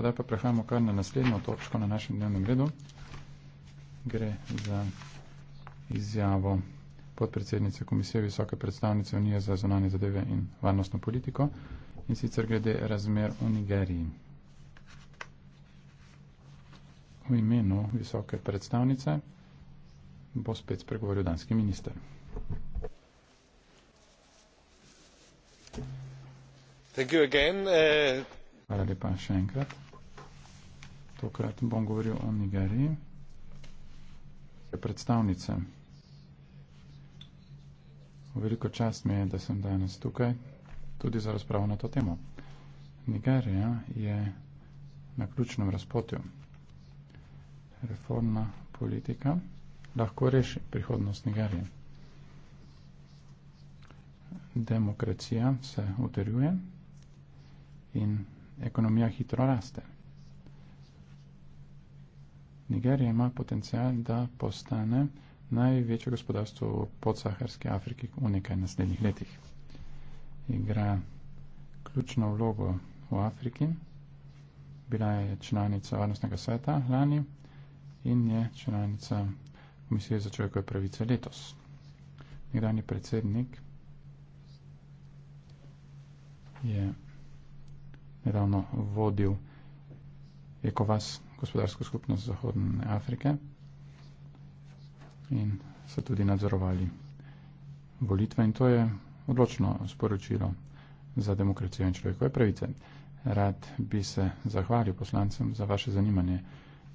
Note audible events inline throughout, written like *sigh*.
Zdaj pa prehajamo kar na naslednjo točko na našem dnevnem redu. Gre za izjavo podpredsednice Komisije Visoke predstavnice Unije za zonanje zadeve in varnostno politiko in sicer glede razmer v Nigeriji. V imenu Visoke predstavnice bo spet spregovoril danski minister. Eh. Hvala lepa še enkrat tokrat bom govoril o Nigeriji, je predstavnice. Veliko čast mi je, da sem danes tukaj, tudi za razpravo na to temo. Nigerija je na ključnem razpotju. Reformna politika lahko reši prihodnost Nigerije. Demokracija se utrjuje in ekonomija hitro raste. Nigerija ima potencial, da postane največje gospodarstvo v podsaharski Afriki v nekaj naslednjih letih. Igra ključno vlogo v Afriki, bila je članica Varnostnega sveta lani in je članica Komisije za človekove pravice letos. Nekdani predsednik je nedavno vodil Ekovas gospodarsko skupnost Zahodne Afrike in so tudi nadzorovali volitve in to je odločno sporočilo za demokracijo in človekove pravice. Rad bi se zahvalil poslancem za vaše zanimanje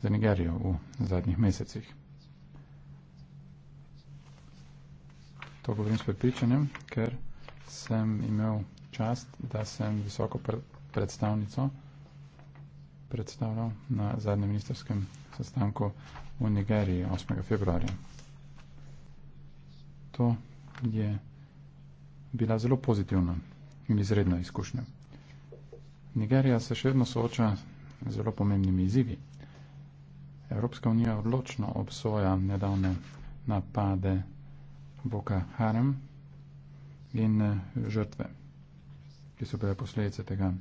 za Nigerijo v zadnjih mesecih. To govorim s prepričanjem, ker sem imel čast, da sem visoko predstavnico predstavljal na zadnjem ministerskem sestanku v Nigeriji 8. februarja. To je bila zelo pozitivna in izredna izkušnja. Nigerija se še vedno sooča z zelo pomembnimi izzivi. Evropska unija odločno obsoja nedavne napade Boka Harem in eh, žrtve, ki so bile posledice tega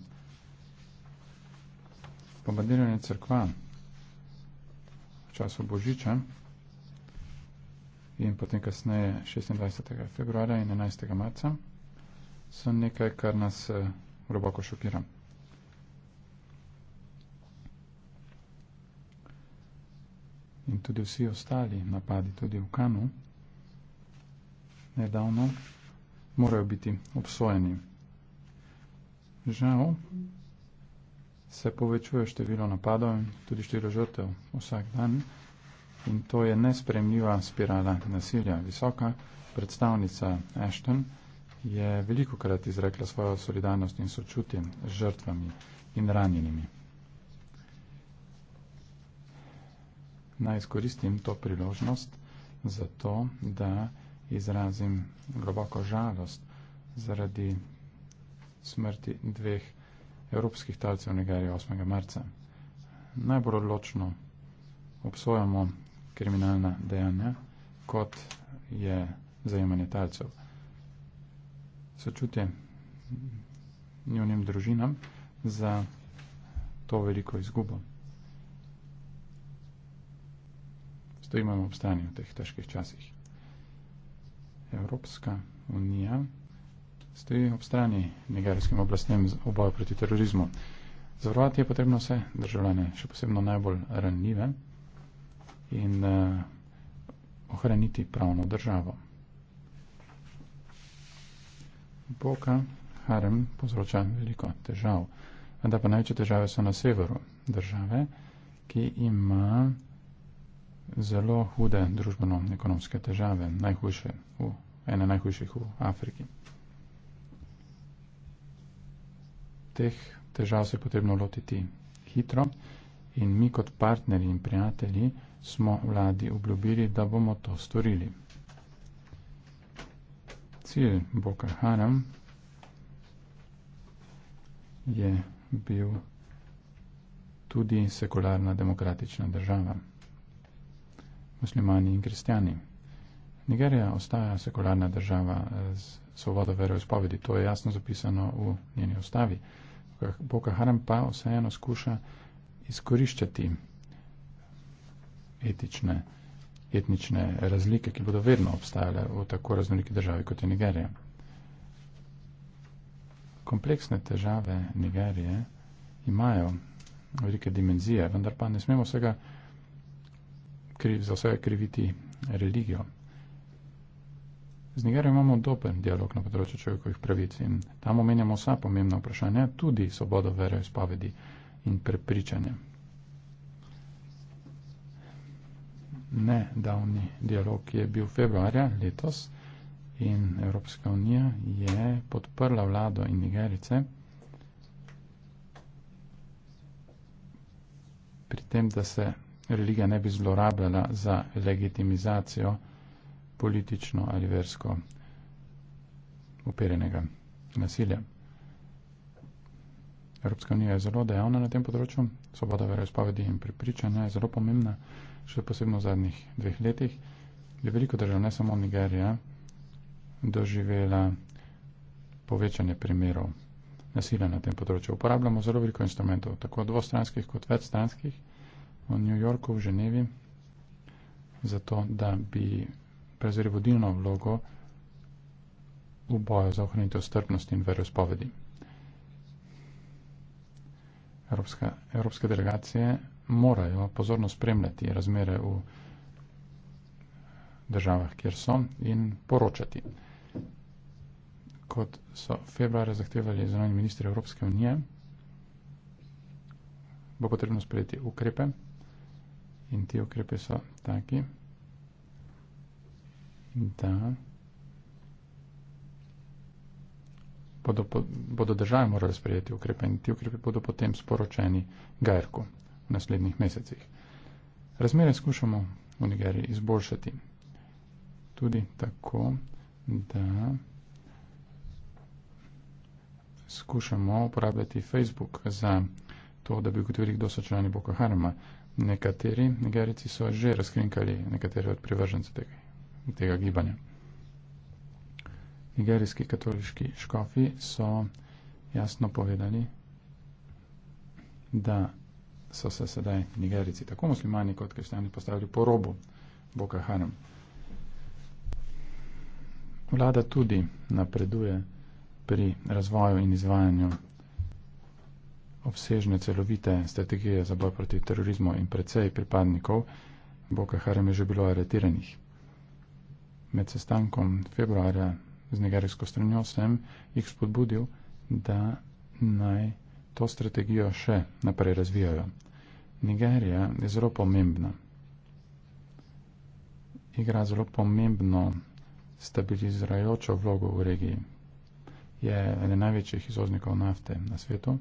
bombardiranje crkva v času Božiča in potem kasneje 26. februarja in 11. marca so nekaj, kar nas eh, globoko šokira. In tudi vsi ostali napadi, tudi v Kanu, nedavno morajo biti obsojeni. Žal, se povečuje število napadov in tudi število žrtev vsak dan. In to je nespremljiva spirala nasilja. Visoka predstavnica Ashton je veliko krat izrekla svojo solidarnost in sočutje z žrtvami in ranjenimi. Naj izkoristim to priložnost za to, da izrazim globoko žalost zaradi smrti dveh evropskih talcev Nigerije 8. marca. Najbolj odločno obsojamo kriminalna dejanja, kot je zajemanje talcev. Sočutje njunim družinam za to veliko izgubo. Stojimo ob stanju v teh težkih časih. Evropska unija stoji ob strani nigerijskim oblastem v boju proti terorizmu. Zavrvati je potrebno vse državljane, še posebno najbolj ranljive in uh, ohraniti pravno državo. Boka harem povzroča veliko težav, vendar pa največje težave so na severu države, ki ima zelo hude družbeno-ekonomske težave, najhujše v, ene najhujših v Afriki. teh težav se je potrebno lotiti hitro in mi kot partnerji in prijatelji smo vladi obljubili, da bomo to storili. Cilj Boka Haram je bil tudi sekularna demokratična država. Muslimani in kristjani. Nigerija ostaja sekularna država z svobodo veroizpovedi. To je jasno zapisano v njeni ustavi. Boga Haram pa vseeno skuša izkoriščati etične, etnične razlike, ki bodo vedno obstajale v tako raznoliki državi kot je Nigerija. Kompleksne težave Nigerije imajo velike dimenzije, vendar pa ne smemo vsega kriv, za vsega kriviti religijo. Z Nigerijo imamo dober dialog na področju človekovih pravic in tam omenjamo vsa pomembna vprašanja, tudi svobodo vere, izpovedi in prepričanja. Nedavni dialog je bil februarja letos in Evropska unija je podprla vlado in Nigerice pri tem, da se religija ne bi zlorabljala za legitimizacijo politično ali versko operenega nasilja. Evropska unija je zelo dejavna na tem področju, svoboda verozpovedi in prepričanja je zelo pomembna, še posebno v zadnjih dveh letih, je veliko držav, ne samo Nigerija, doživela povečanje primerov nasilja na tem področju. Uporabljamo zelo veliko instrumentov, tako dvostranskih kot večstranskih, v New Yorku, v Ženevi, zato da bi prevzeli vodilno vlogo v boju za ohranitev strpnosti in verospovedi. Evropska, evropske delegacije morajo pozorno spremljati razmere v državah, kjer so in poročati. Kot so februarja zahtevali zunanji ministri Evropske unije, bo potrebno sprejeti ukrepe in ti ukrepe so taki da bodo, bodo države morali sprejeti ukrepe in ti ukrepe bodo potem sporočeni Gajrku v naslednjih mesecih. Razmere skušamo v Nigeriji izboljšati tudi tako, da skušamo uporabljati Facebook za to, da bi ugotovili, kdo so člani Boko Harama. Nekateri nigerici so že razkrinkali nekatere od privržencev tega tega gibanja. Nigerijski katoliški škofi so jasno povedali, da so se sedaj Nigerici, tako muslimani kot kristjani, postavili po robu Boka Haram. Vlada tudi napreduje pri razvoju in izvajanju obsežne celovite strategije za boj proti terorizmu in precej pripadnikov Boka Haram je že bilo aretiranih med sestankom februarja z nigerijsko stranjo sem jih spodbudil, da naj to strategijo še naprej razvijajo. Nigerija je zelo pomembna. Igra zelo pomembno stabilizirajočo vlogo v regiji. Je eden največjih izvoznikov nafte na svetu,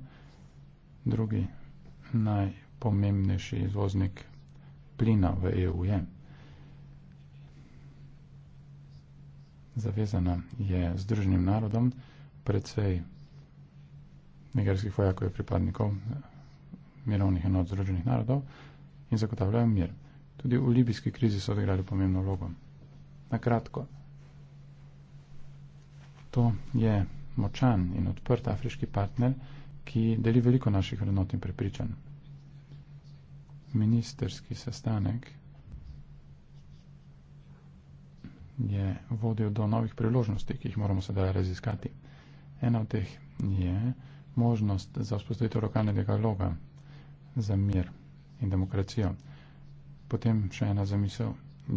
drugi najpomembnejši izvoznik plina v EU je. zavezana je Združenim narodom, predvsej nigerskih vojakov in pripadnikov eh, mirovnih enot Združenih narodov in zagotavljajo mir. Tudi v libijski krizi so odigrali pomembno vlogo. Na kratko, to je močan in odprt afriški partner, ki deli veliko naših vrednot in prepričanj. Ministerski sestanek je vodil do novih priložnosti, ki jih moramo sedaj raziskati. Ena od teh je možnost za vzpostavitev lokalne dialoga za mir in demokracijo. Potem še ena zamisel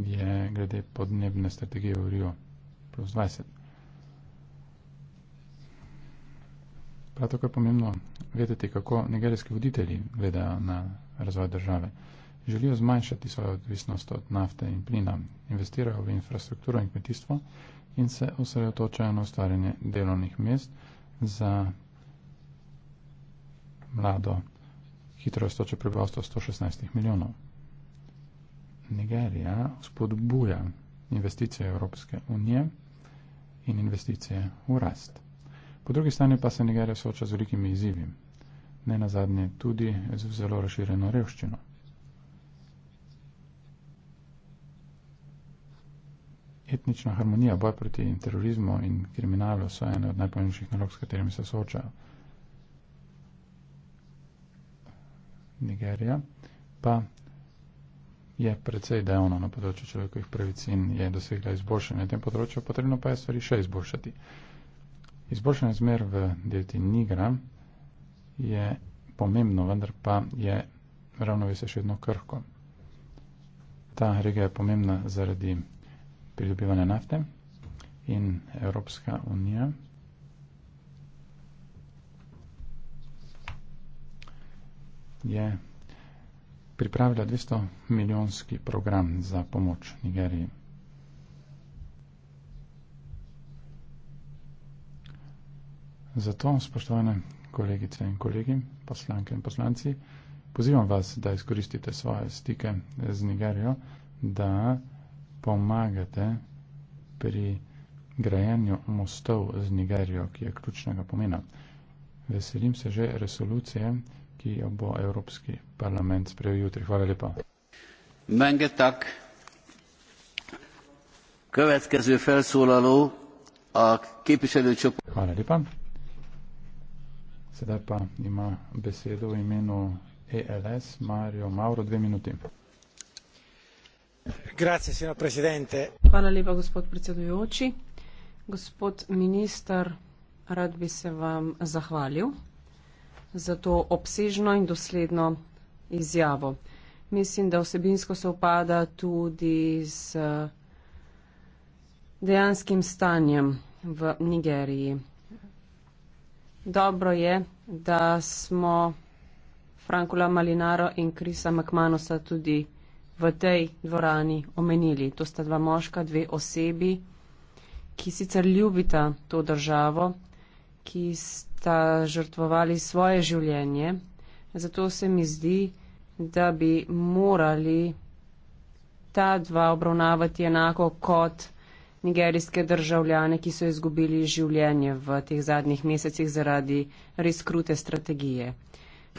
je glede podnebne strategije v Rio plus 20. Prav tako je pomembno vedeti, kako nigerijski voditelji gledajo na razvoj države želijo zmanjšati svojo odvisnost od nafte in plina, investirajo v infrastrukturo in kmetijstvo in se osredotočajo na ustvarjanje delovnih mest za mlado, hitro stoče prebivalstvo 116 milijonov. Nigerija spodbuja investicije Evropske unije in investicije v rast. Po drugi strani pa se Nigerija sooča z velikimi izzivi, ne nazadnje tudi z zelo razširjeno revščino. etnična harmonija, boj proti terorizmu in kriminalu so ene od najpomembnejših nalog, s katerimi se soočajo. Nigerija pa je precej dejavna na področju človekovih pravic in je dosegla izboljšanje na tem področju, potrebno pa je stvari še izboljšati. Izboljšanje zmer v delti Nigra je pomembno, vendar pa je ravnovesje še vedno krhko. Ta regija je pomembna zaradi pridobivanja nafte in Evropska unija je pripravila 200 milijonski program za pomoč Nigeriji. Zato, spoštovane kolegice in kolegi, poslanke in poslanci, pozivam vas, da izkoristite svoje stike z Nigerijo, da pomagate pri grajanju mostov z Nigerijo, ki je ključnega pomena. Veselim se že resolucije, ki jo bo Evropski parlament sprejel jutri. Hvala lepa. Menge tak. Következő felszólaló a képviselőcsoport. Hvala lepa. Sedaj pa ima besedo v imenu ELS Mario Mauro, dve minuti. Grazie, signor Presidente. Hvala lepa, gospod predsedujoči. Gospod minister, rad bi se vam zahvalil za to obsežno in dosledno izjavo. Mislim, da osebinsko se upada tudi z dejanskim stanjem v Nigeriji. Dobro je, da smo Frankula Malinaro in Krisa Makmanosa tudi vzpravili v tej dvorani omenili. To sta dva moška, dve osebi, ki sicer ljubita to državo, ki sta žrtvovali svoje življenje. Zato se mi zdi, da bi morali ta dva obravnavati enako kot nigerijske državljane, ki so izgubili življenje v teh zadnjih mesecih zaradi res krute strategije.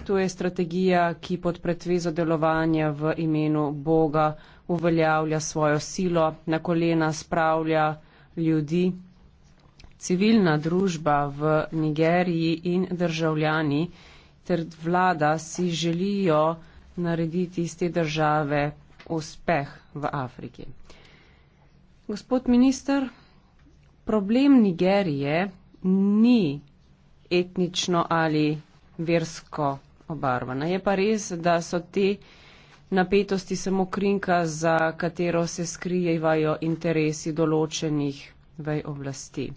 To je strategija, ki pod pretvezo delovanja v imenu Boga uveljavlja svojo silo, na kolena spravlja ljudi. Civilna družba v Nigeriji in državljani ter vlada si želijo narediti iz te države uspeh v Afriki. Gospod minister, problem Nigerije ni etnično ali versko obarvana. Je pa res, da so te napetosti samo krinka, za katero se skrijevajo interesi določenih vej oblasti.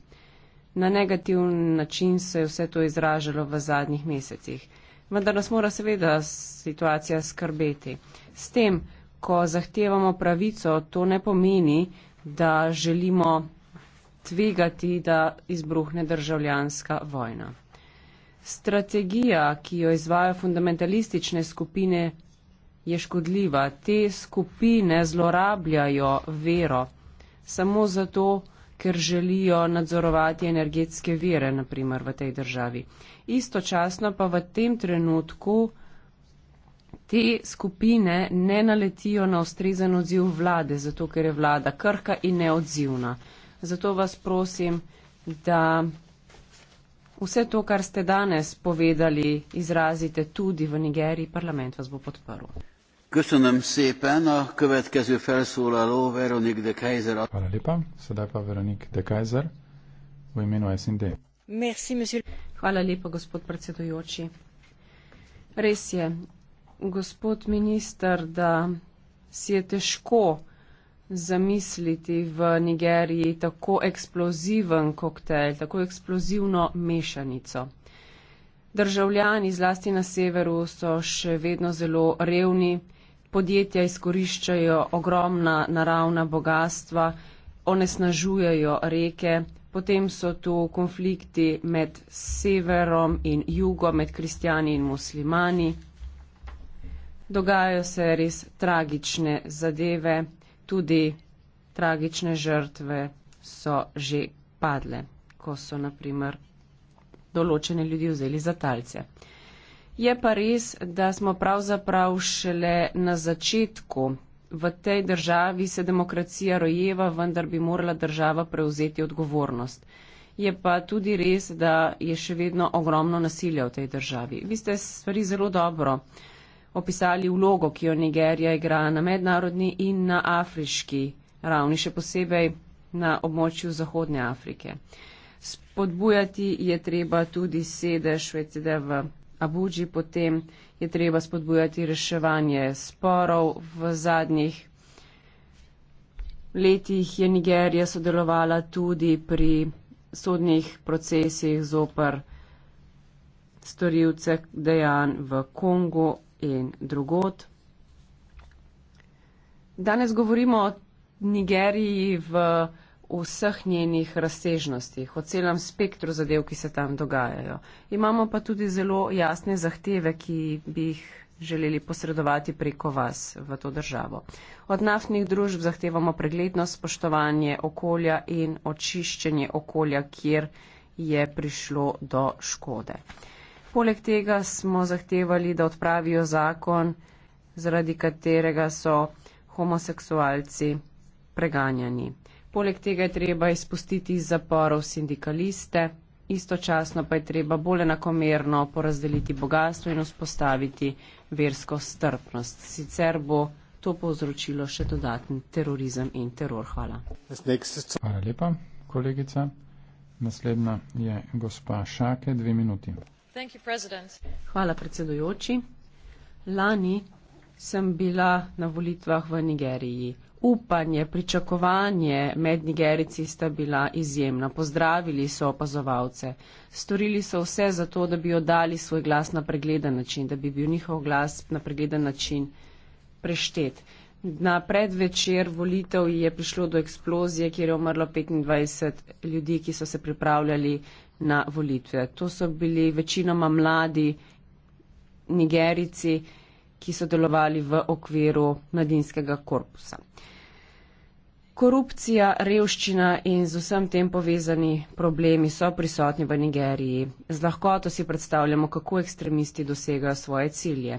Na negativ način se je vse to izražalo v zadnjih mesecih. Vendar nas mora seveda situacija skrbeti. S tem, ko zahtevamo pravico, to ne pomeni, da želimo tvegati, da izbruhne državljanska vojna strategija, ki jo izvajo fundamentalistične skupine, je škodljiva. Te skupine zlorabljajo vero samo zato, ker želijo nadzorovati energetske vire, naprimer v tej državi. Istočasno pa v tem trenutku te skupine ne naletijo na ustrezen odziv vlade, zato ker je vlada krka in neodzivna. Zato vas prosim, da vse to, kar ste danes povedali, izrazite tudi v Nigeriji, parlament vas bo podporil. Hvala lepa. Sedaj pa Veronik de Kajzer v imenu SND. Merci, Hvala lepa, gospod predsedujoči. Res je, gospod minister, da si je težko zamisliti v Nigeriji tako eksploziven koktejl, tako eksplozivno mešanico. Državljani zlasti na severu so še vedno zelo revni, podjetja izkoriščajo ogromna naravna bogatstva, onesnažujejo reke, potem so tu konflikti med severom in jugom, med kristjani in muslimani. Dogajajo se res tragične zadeve tudi tragične žrtve so že padle, ko so naprimer določene ljudi vzeli za talce. Je pa res, da smo pravzaprav šele na začetku. V tej državi se demokracija rojeva, vendar bi morala država prevzeti odgovornost. Je pa tudi res, da je še vedno ogromno nasilja v tej državi. Vi ste stvari zelo dobro opisali vlogo, ki jo Nigerija igra na mednarodni in na afriški ravni, še posebej na območju Zahodne Afrike. Spodbujati je treba tudi sedež VCD v Abuđi, potem je treba spodbujati reševanje sporov. V zadnjih letih je Nigerija sodelovala tudi pri sodnih procesih zoper storilce dejanj v Kongu, in drugot. Danes govorimo o Nigeriji v vseh njenih razsežnostih, o celem spektru zadev, ki se tam dogajajo. Imamo pa tudi zelo jasne zahteve, ki bi jih želeli posredovati preko vas v to državo. Od naftnih družb zahtevamo preglednost, spoštovanje okolja in očiščenje okolja, kjer je prišlo do škode. Poleg tega smo zahtevali, da odpravijo zakon, zaradi katerega so homoseksualci preganjani. Poleg tega je treba izpustiti iz zaporov sindikaliste, istočasno pa je treba bolj enakomerno porazdeliti bogatstvo in vzpostaviti versko strpnost. Sicer bo to povzročilo še dodatni terorizem in teror. Hvala. Hvala lepa, kolegica. Naslednja je gospa Šake, dve minuti. Hvala, predsedujoči. Lani sem bila na volitvah v Nigeriji. Upanje, pričakovanje med Nigerici sta bila izjemna. Pozdravili so opazovalce. Storili so vse za to, da bi oddali svoj glas na pregleden način, da bi bil njihov glas na pregleden način preštet. Na predvečer volitev je prišlo do eksplozije, kjer je umrlo 25 ljudi, ki so se pripravljali na volitve. To so bili večinoma mladi nigerici, ki so delovali v okviru mladinskega korpusa. Korupcija, revščina in z vsem tem povezani problemi so prisotni v Nigeriji. Z lahkoto si predstavljamo, kako ekstremisti dosegajo svoje cilje.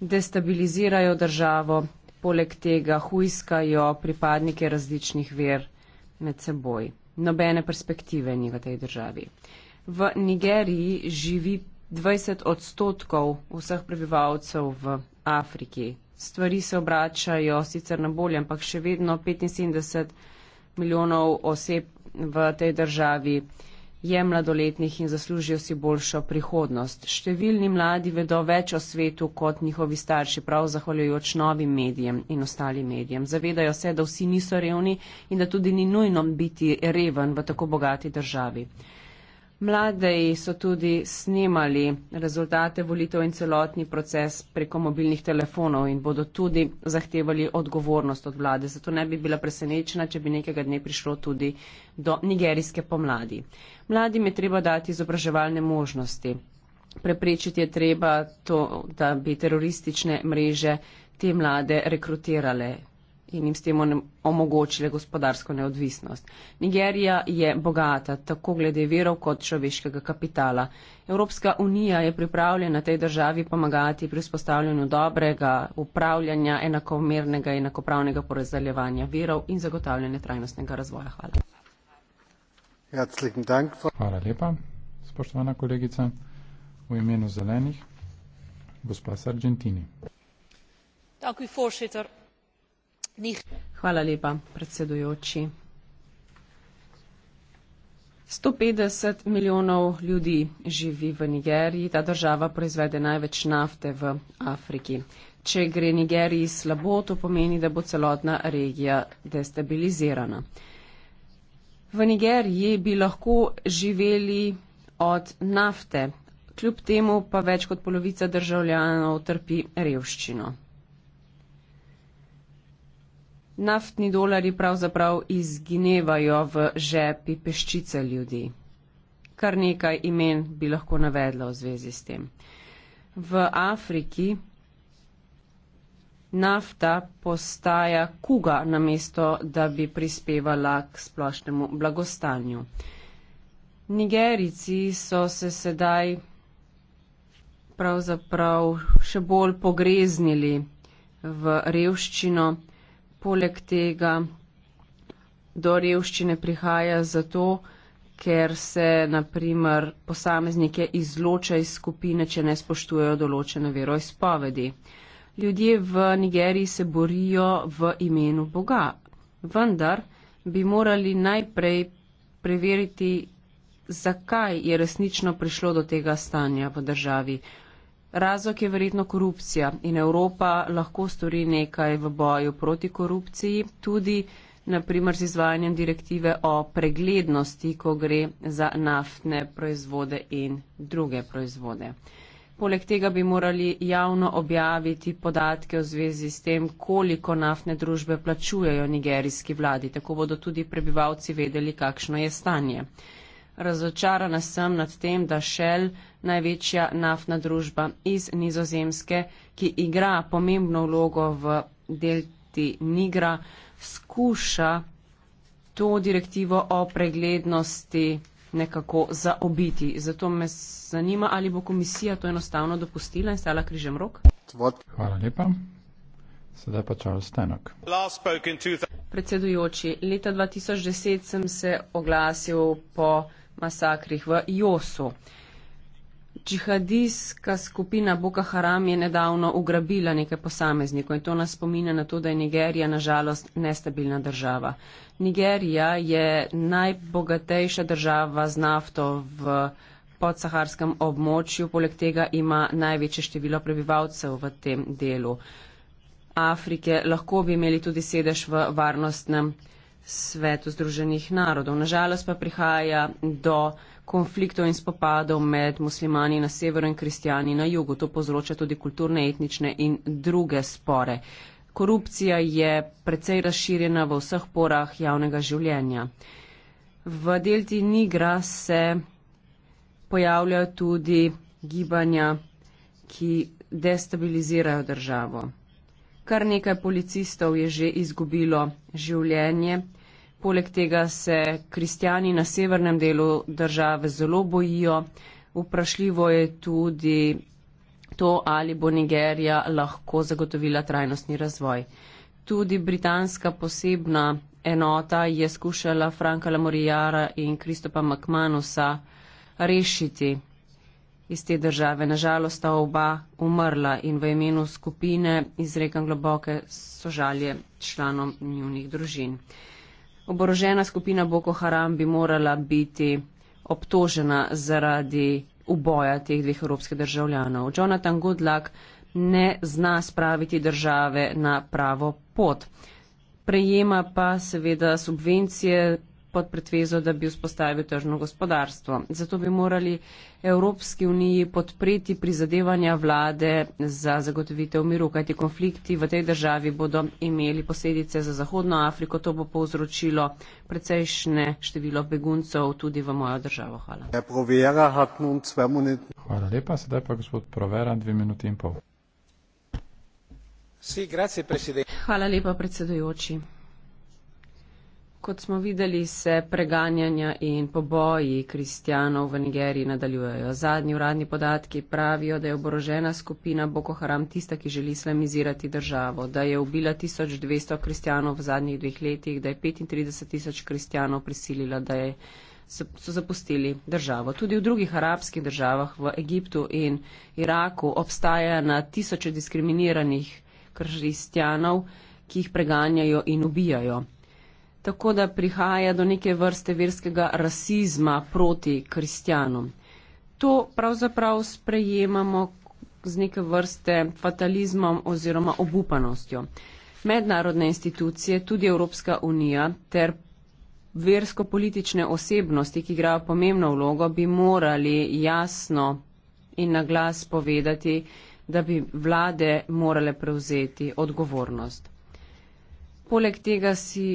Destabilizirajo državo, poleg tega huiskajo pripadnike različnih ver med seboj nobene perspektive ni v tej državi. V Nigeriji živi 20 odstotkov vseh prebivalcev v Afriki. Stvari se obračajo sicer na bolje, ampak še vedno 75 milijonov oseb v tej državi je mladoletnih in zaslužijo si boljšo prihodnost. Številni mladi vedo več o svetu kot njihovi starši, prav zahvaljujoč novim medijem in ostalim medijem. Zavedajo se, da vsi niso revni in da tudi ni nujno biti reven v tako bogati državi. Mladi so tudi snemali rezultate volitev in celotni proces preko mobilnih telefonov in bodo tudi zahtevali odgovornost od vlade. Zato ne bi bila presenečena, če bi nekega dne prišlo tudi do nigerijske pomladi. Mladim je treba dati izobraževalne možnosti. Preprečiti je treba to, da bi teroristične mreže te mlade rekrutirale in jim s tem omogočile gospodarsko neodvisnost. Nigerija je bogata, tako glede verov kot človeškega kapitala. Evropska unija je pripravljena tej državi pomagati pri vzpostavljanju dobrega upravljanja, enakomernega in enakopravnega porazdeljevanja verov in zagotavljanja trajnostnega razvoja. Hvala. Hvala lepa, spoštovana kolegica. V imenu zelenih, gospa Sargentini. Dank u voorzitter. Hvala lepa, predsedujoči. 150 milijonov ljudi živi v Nigeriji, ta država proizvede največ nafte v Afriki. Če gre Nigeriji slabo, to pomeni, da bo celotna regija destabilizirana. V Nigeriji bi lahko živeli od nafte, kljub temu pa več kot polovica državljanov trpi revščino naftni dolari pravzaprav izginevajo v žepi peščice ljudi. Kar nekaj imen bi lahko navedla v zvezi s tem. V Afriki nafta postaja kuga namesto, da bi prispevala k splošnemu blagostanju. Nigerici so se sedaj pravzaprav še bolj pogreznili v revščino poleg tega do revščine prihaja zato, ker se naprimer posameznike izloča iz skupine, če ne spoštujejo določene veroizpovedi. Ljudje v Nigeriji se borijo v imenu Boga, vendar bi morali najprej preveriti, zakaj je resnično prišlo do tega stanja v državi. Razlog je verjetno korupcija in Evropa lahko stori nekaj v boju proti korupciji, tudi naprimer z izvajanjem direktive o preglednosti, ko gre za naftne proizvode in druge proizvode. Poleg tega bi morali javno objaviti podatke v zvezi s tem, koliko naftne družbe plačujejo nigerijski vladi. Tako bodo tudi prebivalci vedeli, kakšno je stanje razočarana sem nad tem, da Shell, največja naftna družba iz Nizozemske, ki igra pomembno vlogo v delti Nigra, skuša to direktivo o preglednosti nekako zaobiti. Zato me zanima, ali bo komisija to enostavno dopustila in stala križem rok. Hvala lepa. Sedaj pa Charles Tenok. Predsedujoči, leta 2010 sem se oglasil po masakrih v Josu. Džihadijska skupina Boko Haram je nedavno ugrabila nekaj posameznikov in to nas spominja na to, da je Nigerija nažalost nestabilna država. Nigerija je najbogatejša država z nafto v podsaharskem območju, poleg tega ima največje število prebivalcev v tem delu Afrike. Lahko bi imeli tudi sedež v varnostnem svetu Združenih narodov. Nažalost pa prihaja do konfliktov in spopadov med muslimani na severu in kristijani na jugu. To povzroča tudi kulturne, etnične in druge spore. Korupcija je precej razširjena v vseh porah javnega življenja. V delti Nigra se pojavljajo tudi gibanja, ki destabilizirajo državo. Kar nekaj policistov je že izgubilo življenje. Poleg tega se kristjani na severnem delu države zelo bojijo. Vprašljivo je tudi to, ali bo Nigerija lahko zagotovila trajnostni razvoj. Tudi britanska posebna enota je skušala Franka Lamorijara in Kristopa Makmanusa rešiti iz te države. Nažalost sta oba umrla in v imenu skupine izrekam globoke sožalje članom njunih družin. Oborožena skupina Boko Haram bi morala biti obtožena zaradi uboja teh dveh evropskih državljanov. Jonathan Goodluck ne zna spraviti države na pravo pot. Prejema pa seveda subvencije pod pretvezo, da bi vzpostavil tržno gospodarstvo. Zato bi morali Evropski uniji podpreti prizadevanja vlade za zagotovitev miru, kajti konflikti v tej državi bodo imeli posledice za Zahodno Afriko. To bo povzročilo precejšne število beguncev tudi v mojo državo. Hvala. Hvala lepa. Sedaj pa gospod Provera, dve minuti in pol. Hvala lepa predsedujoči. Kot smo videli, se preganjanja in poboji kristjanov v Nigeriji nadaljujejo. Zadnji uradni podatki pravijo, da je oborožena skupina Boko Haram tista, ki želi islamizirati državo, da je ubila 1200 kristjanov v zadnjih dveh letih, da je 35 tisoč kristjanov prisilila, da je, so zapustili državo. Tudi v drugih arabskih državah, v Egiptu in Iraku, obstaja na tisoče diskriminiranih kristjanov, ki jih preganjajo in ubijajo tako da prihaja do neke vrste verskega rasizma proti kristjanom. To pravzaprav sprejemamo z neke vrste fatalizmom oziroma obupanostjo. Mednarodne institucije, tudi Evropska unija ter versko-politične osebnosti, ki igrajo pomembno vlogo, bi morali jasno in na glas povedati, da bi vlade morale prevzeti odgovornost. Poleg tega si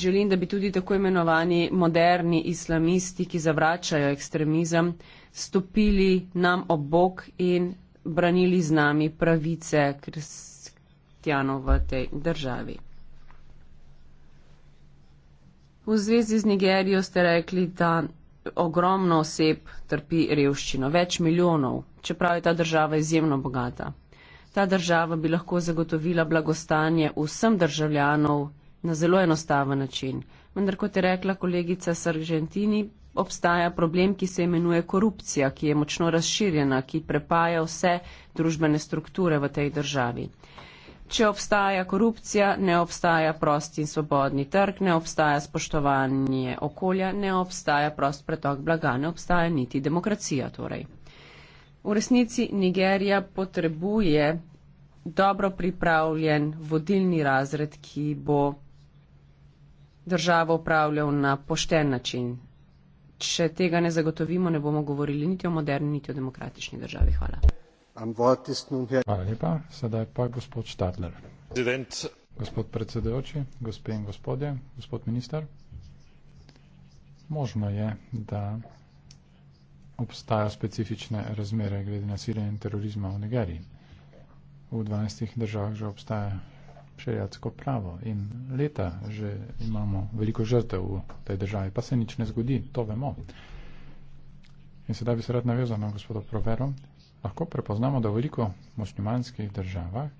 želim, da bi tudi tako imenovani moderni islamisti, ki zavračajo ekstremizem, stopili nam ob bok in branili z nami pravice kristjanov v tej državi. V zvezi z Nigerijo ste rekli, da ogromno oseb trpi revščino, več milijonov, čeprav je ta država izjemno bogata. Ta država bi lahko zagotovila blagostanje vsem državljanov na zelo enostaven način. Vendar, kot je rekla kolegica Sargentini, obstaja problem, ki se imenuje korupcija, ki je močno razširjena, ki prepaja vse družbene strukture v tej državi. Če obstaja korupcija, ne obstaja prost in svobodni trg, ne obstaja spoštovanje okolja, ne obstaja prost pretok blaga, ne obstaja niti demokracija. Torej. V resnici Nigerija potrebuje dobro pripravljen vodilni razred, ki bo državo upravljal na pošten način. Če tega ne zagotovimo, ne bomo govorili niti o moderni, niti o demokratični državi. Hvala. Hvala lepa. Sedaj pa gospod Stadler. President. Gospod predsedujoči, gospe in gospodje, gospod minister. Možno je, da obstajajo specifične razmere glede nasilja in terorizma v Nigeriji. V 12 državah že obstaja šeriatsko pravo. In leta že imamo veliko žrtev v tej državi, pa se nič ne zgodi, to vemo. In sedaj bi se rad navezal na gospodo Provero. Lahko prepoznamo, da v veliko muslimanskih državah,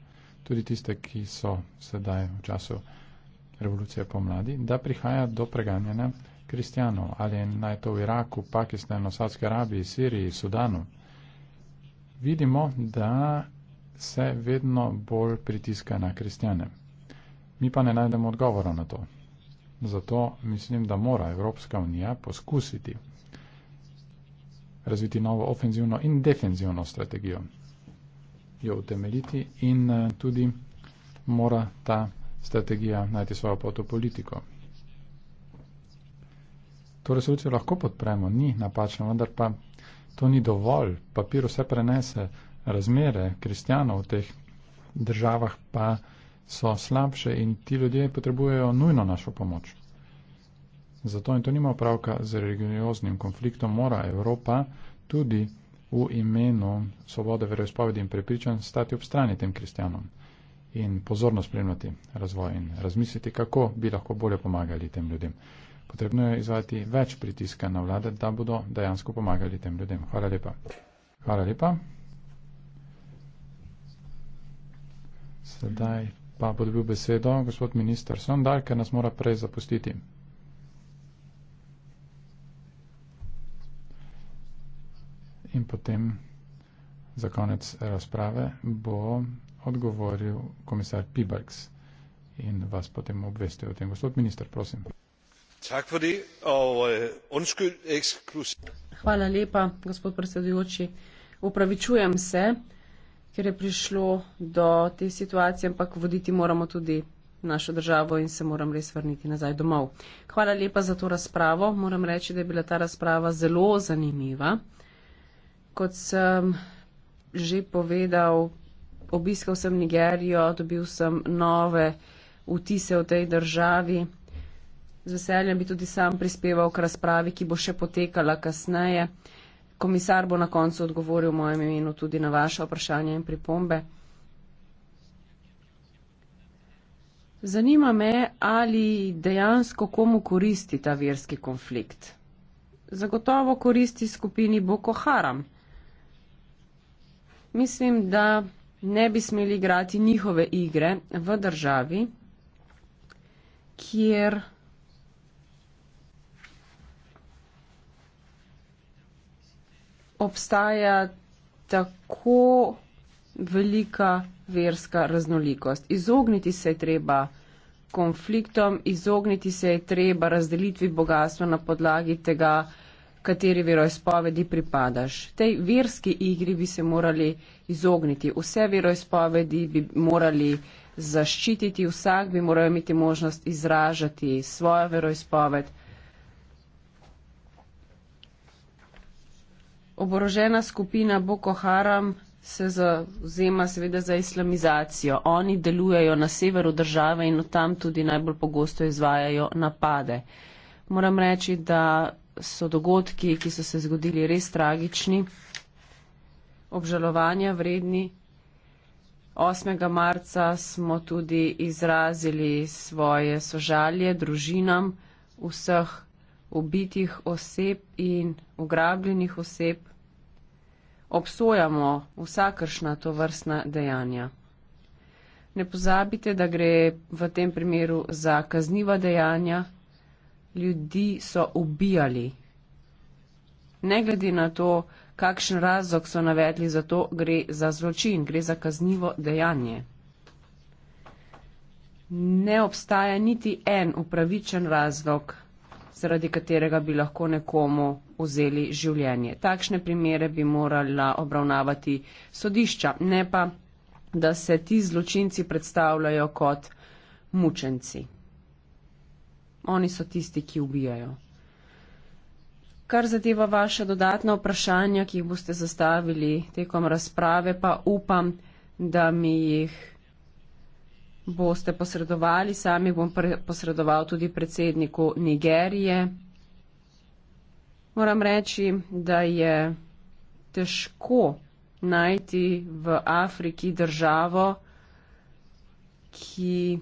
tudi tiste, ki so sedaj v času revolucije pomladi, da prihaja do preganjanja kristijanov. Ali naj to v Iraku, Pakistanu, Saudski Arabiji, Siriji, Sudanu. Vidimo, da se vedno bolj pritiska na kristjane. Mi pa ne najdemo odgovora na to. Zato mislim, da mora Evropska unija poskusiti razviti novo ofenzivno in defenzivno strategijo, jo utemeljiti in eh, tudi mora ta strategija najti svojo pot v politiko. To resolucijo lahko podpremo, ni napačno, vendar pa to ni dovolj. Papir vse prenese, razmere kristjanov v teh državah pa so slabše in ti ljudje potrebujejo nujno našo pomoč. Zato in to nima opravka z religioznim konfliktom, mora Evropa tudi v imenu svobode veroizpovedi in prepričanj stati ob strani tem kristjanom in pozorno spremljati razvoj in razmisliti, kako bi lahko bolje pomagali tem ljudem. Potrebno je izvati več pritiska na vlade, da bodo dejansko pomagali tem ljudem. Hvala lepa. Hvala lepa. Sedaj pa bo dobil besedo gospod minister Sondal, ker nas mora prej zapustiti. In potem za konec razprave bo odgovoril komisar Pibergs in vas potem obveste o tem. Gospod minister, prosim. Øh, Hvala lepa, gospod predsedujoči. Upravičujem se ker je prišlo do te situacije, ampak voditi moramo tudi našo državo in se moram res vrniti nazaj domov. Hvala lepa za to razpravo. Moram reči, da je bila ta razprava zelo zanimiva. Kot sem že povedal, obiskal sem Nigerijo, dobil sem nove vtise o tej državi. Z veseljem bi tudi sam prispeval k razpravi, ki bo še potekala kasneje komisar bo na koncu odgovoril v mojem imenu tudi na vaše vprašanje in pripombe. Zanima me, ali dejansko komu koristi ta verski konflikt. Zagotovo koristi skupini Boko Haram. Mislim, da ne bi smeli igrati njihove igre v državi, kjer obstaja tako velika verska raznolikost. Izogniti se je treba konfliktom, izogniti se je treba razdelitvi bogatstva na podlagi tega, kateri veroizpovedi pripadaš. Tej verski igri bi se morali izogniti. Vse veroizpovedi bi morali zaščititi, vsak bi moral imeti možnost izražati svojo veroizpoved. oborožena skupina Boko Haram se zauzema seveda za islamizacijo. Oni delujejo na severu države in tam tudi najbolj pogosto izvajajo napade. Moram reči, da so dogodki, ki so se zgodili, res tragični, obžalovanja vredni. 8. marca smo tudi izrazili svoje sožalje družinam vseh ubitih oseb in ugrabljenih oseb, obsojamo vsakršna to vrstna dejanja. Ne pozabite, da gre v tem primeru za kazniva dejanja, ljudi so ubijali. Ne glede na to, kakšen razlog so navedli za to, gre za zločin, gre za kaznivo dejanje. Ne obstaja niti en upravičen razlog zaradi katerega bi lahko nekomu vzeli življenje. Takšne primere bi morala obravnavati sodišča, ne pa, da se ti zločinci predstavljajo kot mučenci. Oni so tisti, ki ubijajo. Kar zadeva vaše dodatna vprašanja, ki jih boste zastavili tekom razprave, pa upam, da mi jih boste posredovali, sami bom pre, posredoval tudi predsedniku Nigerije. Moram reči, da je težko najti v Afriki državo, ki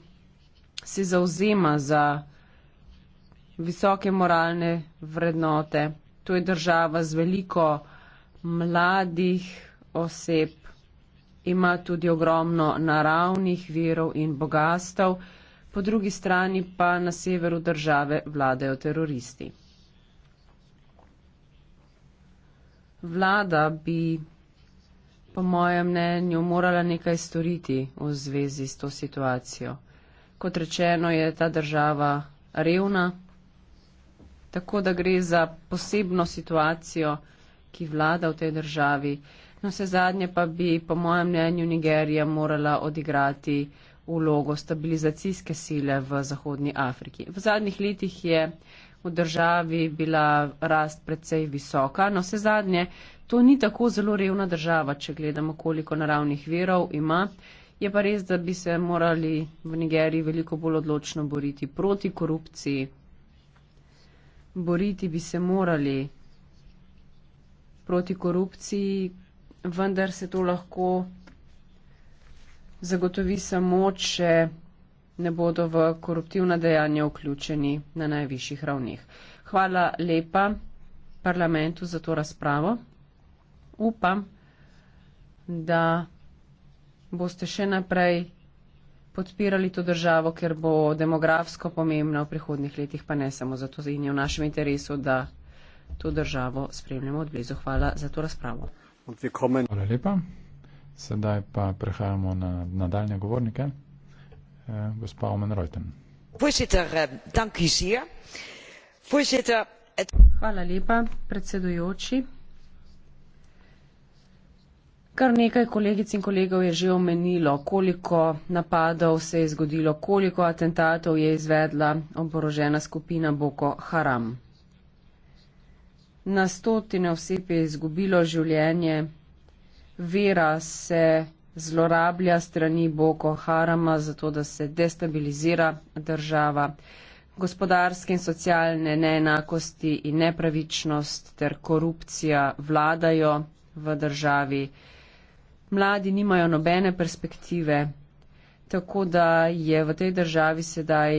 se zauzema za visoke moralne vrednote. To je država z veliko mladih oseb, ima tudi ogromno naravnih virov in bogastav, po drugi strani pa na severu države vladajo teroristi. Vlada bi, po mojem mnenju, morala nekaj storiti v zvezi s to situacijo. Kot rečeno, je ta država revna, tako da gre za posebno situacijo, ki vlada v tej državi. No, vse zadnje pa bi, po mojem mnenju, Nigerija morala odigrati vlogo stabilizacijske sile v Zahodnji Afriki. V zadnjih letih je v državi bila rast precej visoka, no vse zadnje, to ni tako zelo revna država, če gledamo, koliko naravnih verov ima. Je pa res, da bi se morali v Nigeriji veliko bolj odločno boriti proti korupciji. Boriti bi se morali proti korupciji, vendar se to lahko zagotovi samo, če ne bodo v koruptivna dejanja vključeni na najvišjih ravnih. Hvala lepa parlamentu za to razpravo. Upam, da boste še naprej podpirali to državo, ker bo demografsko pomembna v prihodnih letih, pa ne samo zato, in je v našem interesu, da to državo spremljamo od blizu. Hvala za to razpravo. Hvala lepa. Sedaj pa prehajamo na nadaljne govornike. E, gospa Omen Reuten. Eh, Hvala lepa, predsedujoči. Kar nekaj kolegic in kolegov je že omenilo, koliko napadov se je zgodilo, koliko atentatov je izvedla oborožena skupina Boko Haram na stotine oseb je izgubilo življenje, vera se zlorablja strani Boko Harama, zato da se destabilizira država, gospodarske in socialne neenakosti in nepravičnost ter korupcija vladajo v državi, mladi nimajo nobene perspektive, tako da je v tej državi sedaj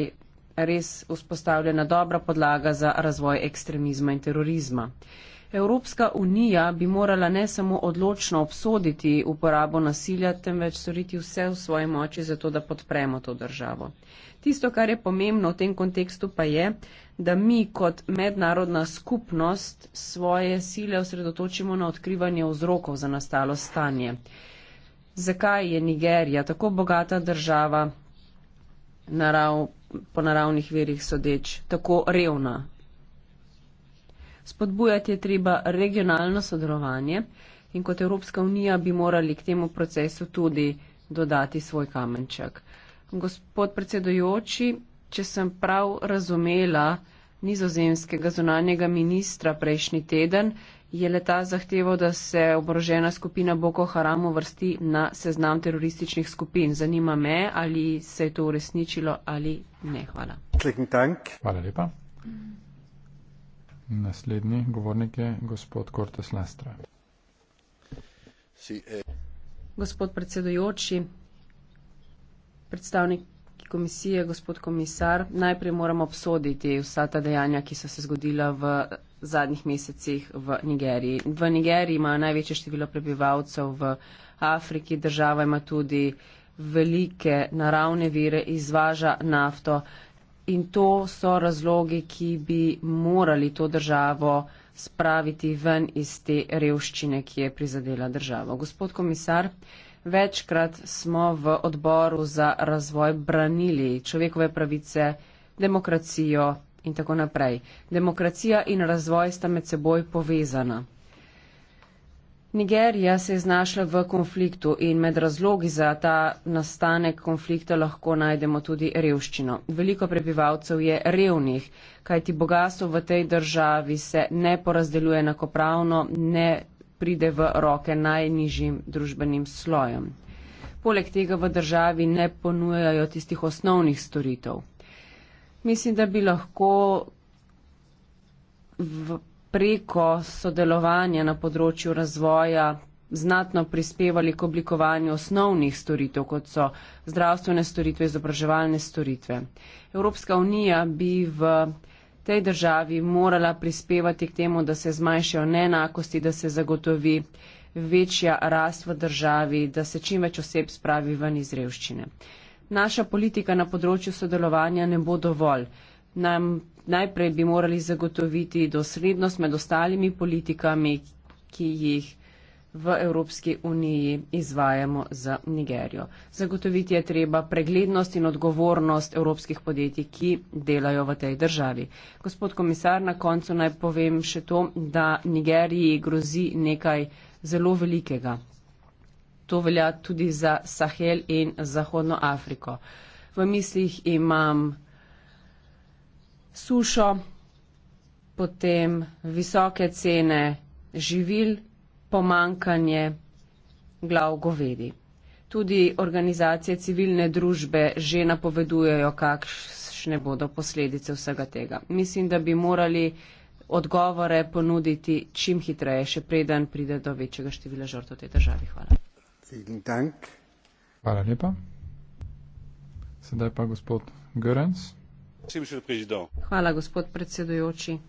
res vzpostavljena dobra podlaga za razvoj ekstremizma in terorizma. Evropska unija bi morala ne samo odločno obsoditi uporabo nasilja, temveč storiti vse v svoji moči za to, da podpremo to državo. Tisto, kar je pomembno v tem kontekstu, pa je, da mi kot mednarodna skupnost svoje sile osredotočimo na odkrivanje vzrokov za nastalo stanje. Zakaj je Nigerija tako bogata država narav po naravnih verjih sodeč, tako revna. Spodbujati je treba regionalno sodelovanje in kot Evropska unija bi morali k temu procesu tudi dodati svoj kamenček. Gospod predsedojoči, če sem prav razumela nizozemskega zunanjega ministra prejšnji teden, je leta zahteval, da se oborožena skupina Boko Haram uvrsti na seznam terorističnih skupin. Zanima me, ali se je to uresničilo ali ne. Hvala. Hvala lepa. Naslednji govornik je gospod Kortes Lastra. Eh. Gospod predsedujoči, predstavnik komisije, gospod komisar, najprej moramo obsoditi vsa ta dejanja, ki so se zgodila v zadnjih mesecih v Nigeriji. V Nigeriji imajo največje število prebivalcev, v Afriki država ima tudi velike naravne vire, izvaža nafto in to so razlogi, ki bi morali to državo spraviti ven iz te revščine, ki je prizadela državo. Gospod komisar, Večkrat smo v odboru za razvoj branili človekove pravice, demokracijo in tako naprej. Demokracija in razvoj sta med seboj povezana. Nigerija se je znašla v konfliktu in med razlogi za ta nastanek konflikta lahko najdemo tudi revščino. Veliko prebivalcev je revnih, kajti bogatstvo v tej državi se ne porazdeluje enakopravno, ne pride v roke najnižjim družbenim slojem. Poleg tega v državi ne ponujajo tistih osnovnih storitev. Mislim, da bi lahko v, preko sodelovanja na področju razvoja znatno prispevali k oblikovanju osnovnih storitev, kot so zdravstvene storitve, izobraževalne storitve. Evropska unija bi v tej državi morala prispevati k temu, da se zmanjšajo neenakosti, da se zagotovi večja rast v državi, da se čim več oseb spravi ven iz revščine. Naša politika na področju sodelovanja ne bo dovolj. Nam najprej bi morali zagotoviti doslednost med ostalimi politikami, ki jih v Evropski uniji izvajamo za Nigerijo. Zagotoviti je treba preglednost in odgovornost evropskih podjetij, ki delajo v tej državi. Gospod komisar, na koncu naj povem še to, da Nigeriji grozi nekaj zelo velikega. To velja tudi za Sahel in Zahodno Afriko. V mislih imam sušo, potem visoke cene živil, pomankanje glav govedi. Tudi organizacije civilne družbe že napovedujejo, kakšne bodo posledice vsega tega. Mislim, da bi morali odgovore ponuditi čim hitreje, še preden pride do večjega števila žrtv v tej državi. Hvala. Hvala lepa. Sedaj pa gospod Görens. Hvala, gospod predsedujoči.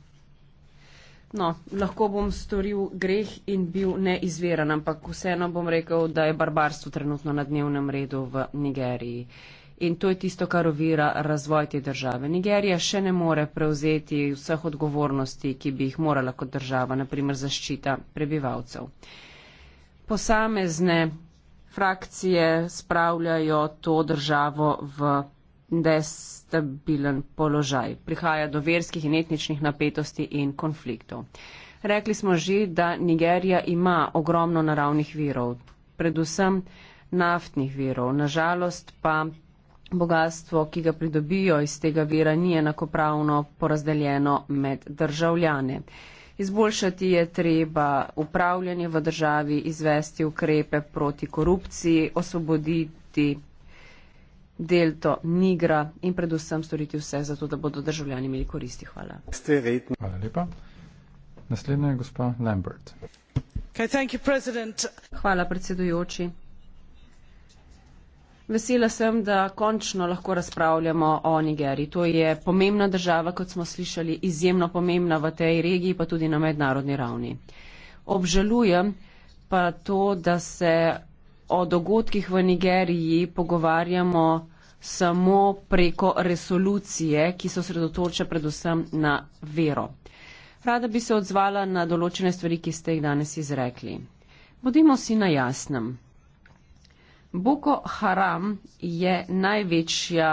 No, lahko bom storil greh in bil neizveren, ampak vseeno bom rekel, da je barbarstvo trenutno na dnevnem redu v Nigeriji. In to je tisto, kar ovira razvoj te države. Nigerija še ne more prevzeti vseh odgovornosti, ki bi jih morala kot država, naprimer zaščita prebivalcev. Posamezne frakcije spravljajo to državo v nestabilen položaj. Prihaja do verskih in etničnih napetosti in konfliktov. Rekli smo že, da Nigerija ima ogromno naravnih virov, predvsem naftnih virov. Nažalost pa bogatstvo, ki ga pridobijo iz tega vira, ni enakopravno porazdeljeno med državljane. Izboljšati je treba upravljanje v državi, izvesti ukrepe proti korupciji, osvoboditi delto, nigra in predvsem storiti vse za to, da bodo državljani imeli koristi. Hvala. Hvala lepa. Naslednja je gospa Lambert. Okay, you, Hvala predsedujoči. Vesela sem, da končno lahko razpravljamo o Nigeriji. To je pomembna država, kot smo slišali, izjemno pomembna v tej regiji, pa tudi na mednarodni ravni. Obžalujem pa to, da se o dogodkih v Nigeriji pogovarjamo samo preko resolucije, ki se osredotoča predvsem na vero. Rada bi se odzvala na določene stvari, ki ste jih danes izrekli. Bodimo si na jasnem. Boko Haram je največja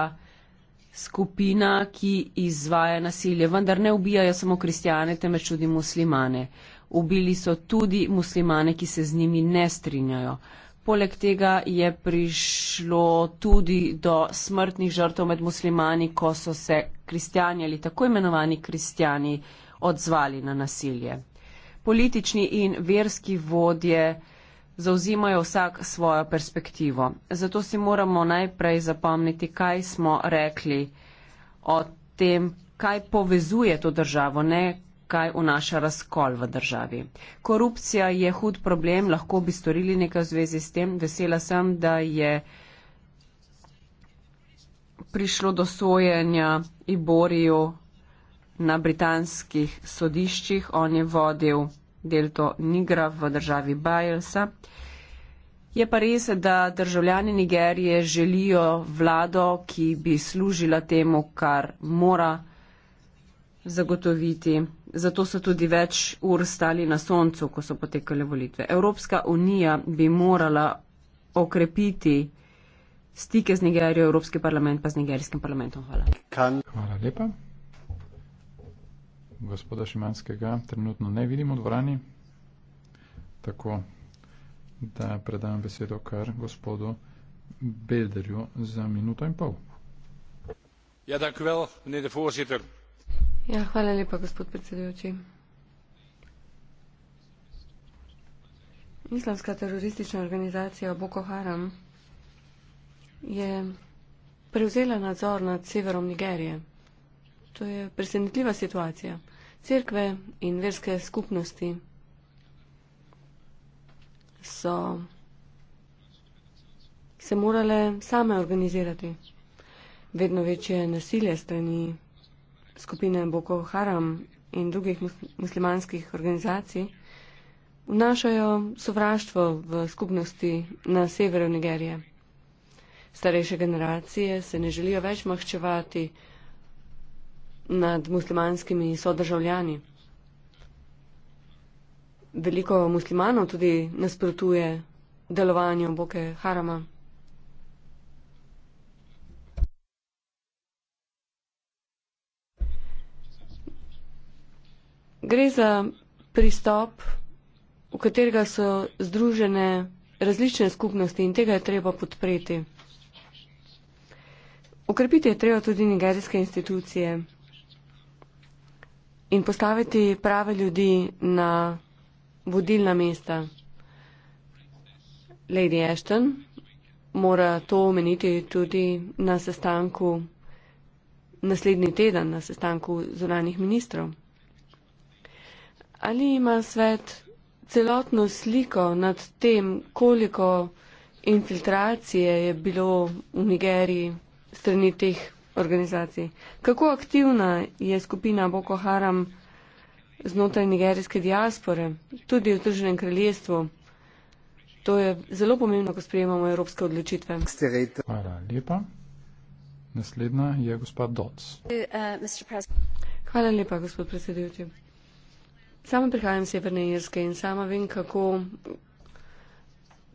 skupina, ki izvaja nasilje, vendar ne ubijajo samo kristijane, temveč tudi muslimane. Ubili so tudi muslimane, ki se z njimi ne strinjajo. Poleg tega je prišlo tudi do smrtnih žrtev med muslimani, ko so se kristjani ali tako imenovani kristjani odzvali na nasilje. Politični in verski vodje zauzimajo vsak svojo perspektivo. Zato si moramo najprej zapomniti, kaj smo rekli o tem, kaj povezuje to državo, ne kaj vnaša razkol v državi. Korupcija je hud problem, lahko bi storili nekaj v zvezi s tem. Vesela sem, da je prišlo do sojenja Iboriju na britanskih sodiščih. On je vodil delto Nigra v državi Bajelsa. Je pa res, da državljani Nigerije želijo vlado, ki bi služila temu, kar mora zagotoviti zato so tudi več ur stali na soncu, ko so potekale volitve. Evropska unija bi morala okrepiti stike z Nigerijo, Evropski parlament pa z nigerijskim parlamentom. Hvala. Hvala lepa. Gospoda Šimanskega trenutno ne vidimo v dvorani, tako da predam besedo kar gospodu Belderju za minuto in pol. Ja, dank u wel, meneer de voorzitter. Ja, hvala lepa, gospod predsedujoči. Islamska teroristična organizacija Boko Haram je prevzela nadzor nad severom Nigerije. To je presenetljiva situacija. Cerkve in verske skupnosti so se morale same organizirati. Vedno večje nasilje strani skupine Boko Haram in drugih muslimanskih organizacij vnašajo sovraštvo v skupnosti na severu Nigerije. Starejše generacije se ne želijo več mahčevati nad muslimanskimi sodržavljani. Veliko muslimanov tudi nasprotuje delovanju Boke Harama. Gre za pristop, v katerega so združene različne skupnosti in tega je treba podpreti. Okrepiti je treba tudi nigerijske institucije in postaviti prave ljudi na vodilna mesta. Lady Ashton mora to omeniti tudi na sestanku naslednji teden, na sestanku zunanih ministrov. Ali ima svet celotno sliko nad tem, koliko infiltracije je bilo v Nigeriji strani teh organizacij? Kako aktivna je skupina Boko Haram znotraj nigerijske diaspore, tudi v Združenem kraljestvu? To je zelo pomembno, ko sprejemamo evropske odločitve. Hvala lepa. Naslednja je gospod Dodds. Uh, Hvala lepa, gospod predsedujoči. Sama prihajam iz Severne Irske in sama vem, kako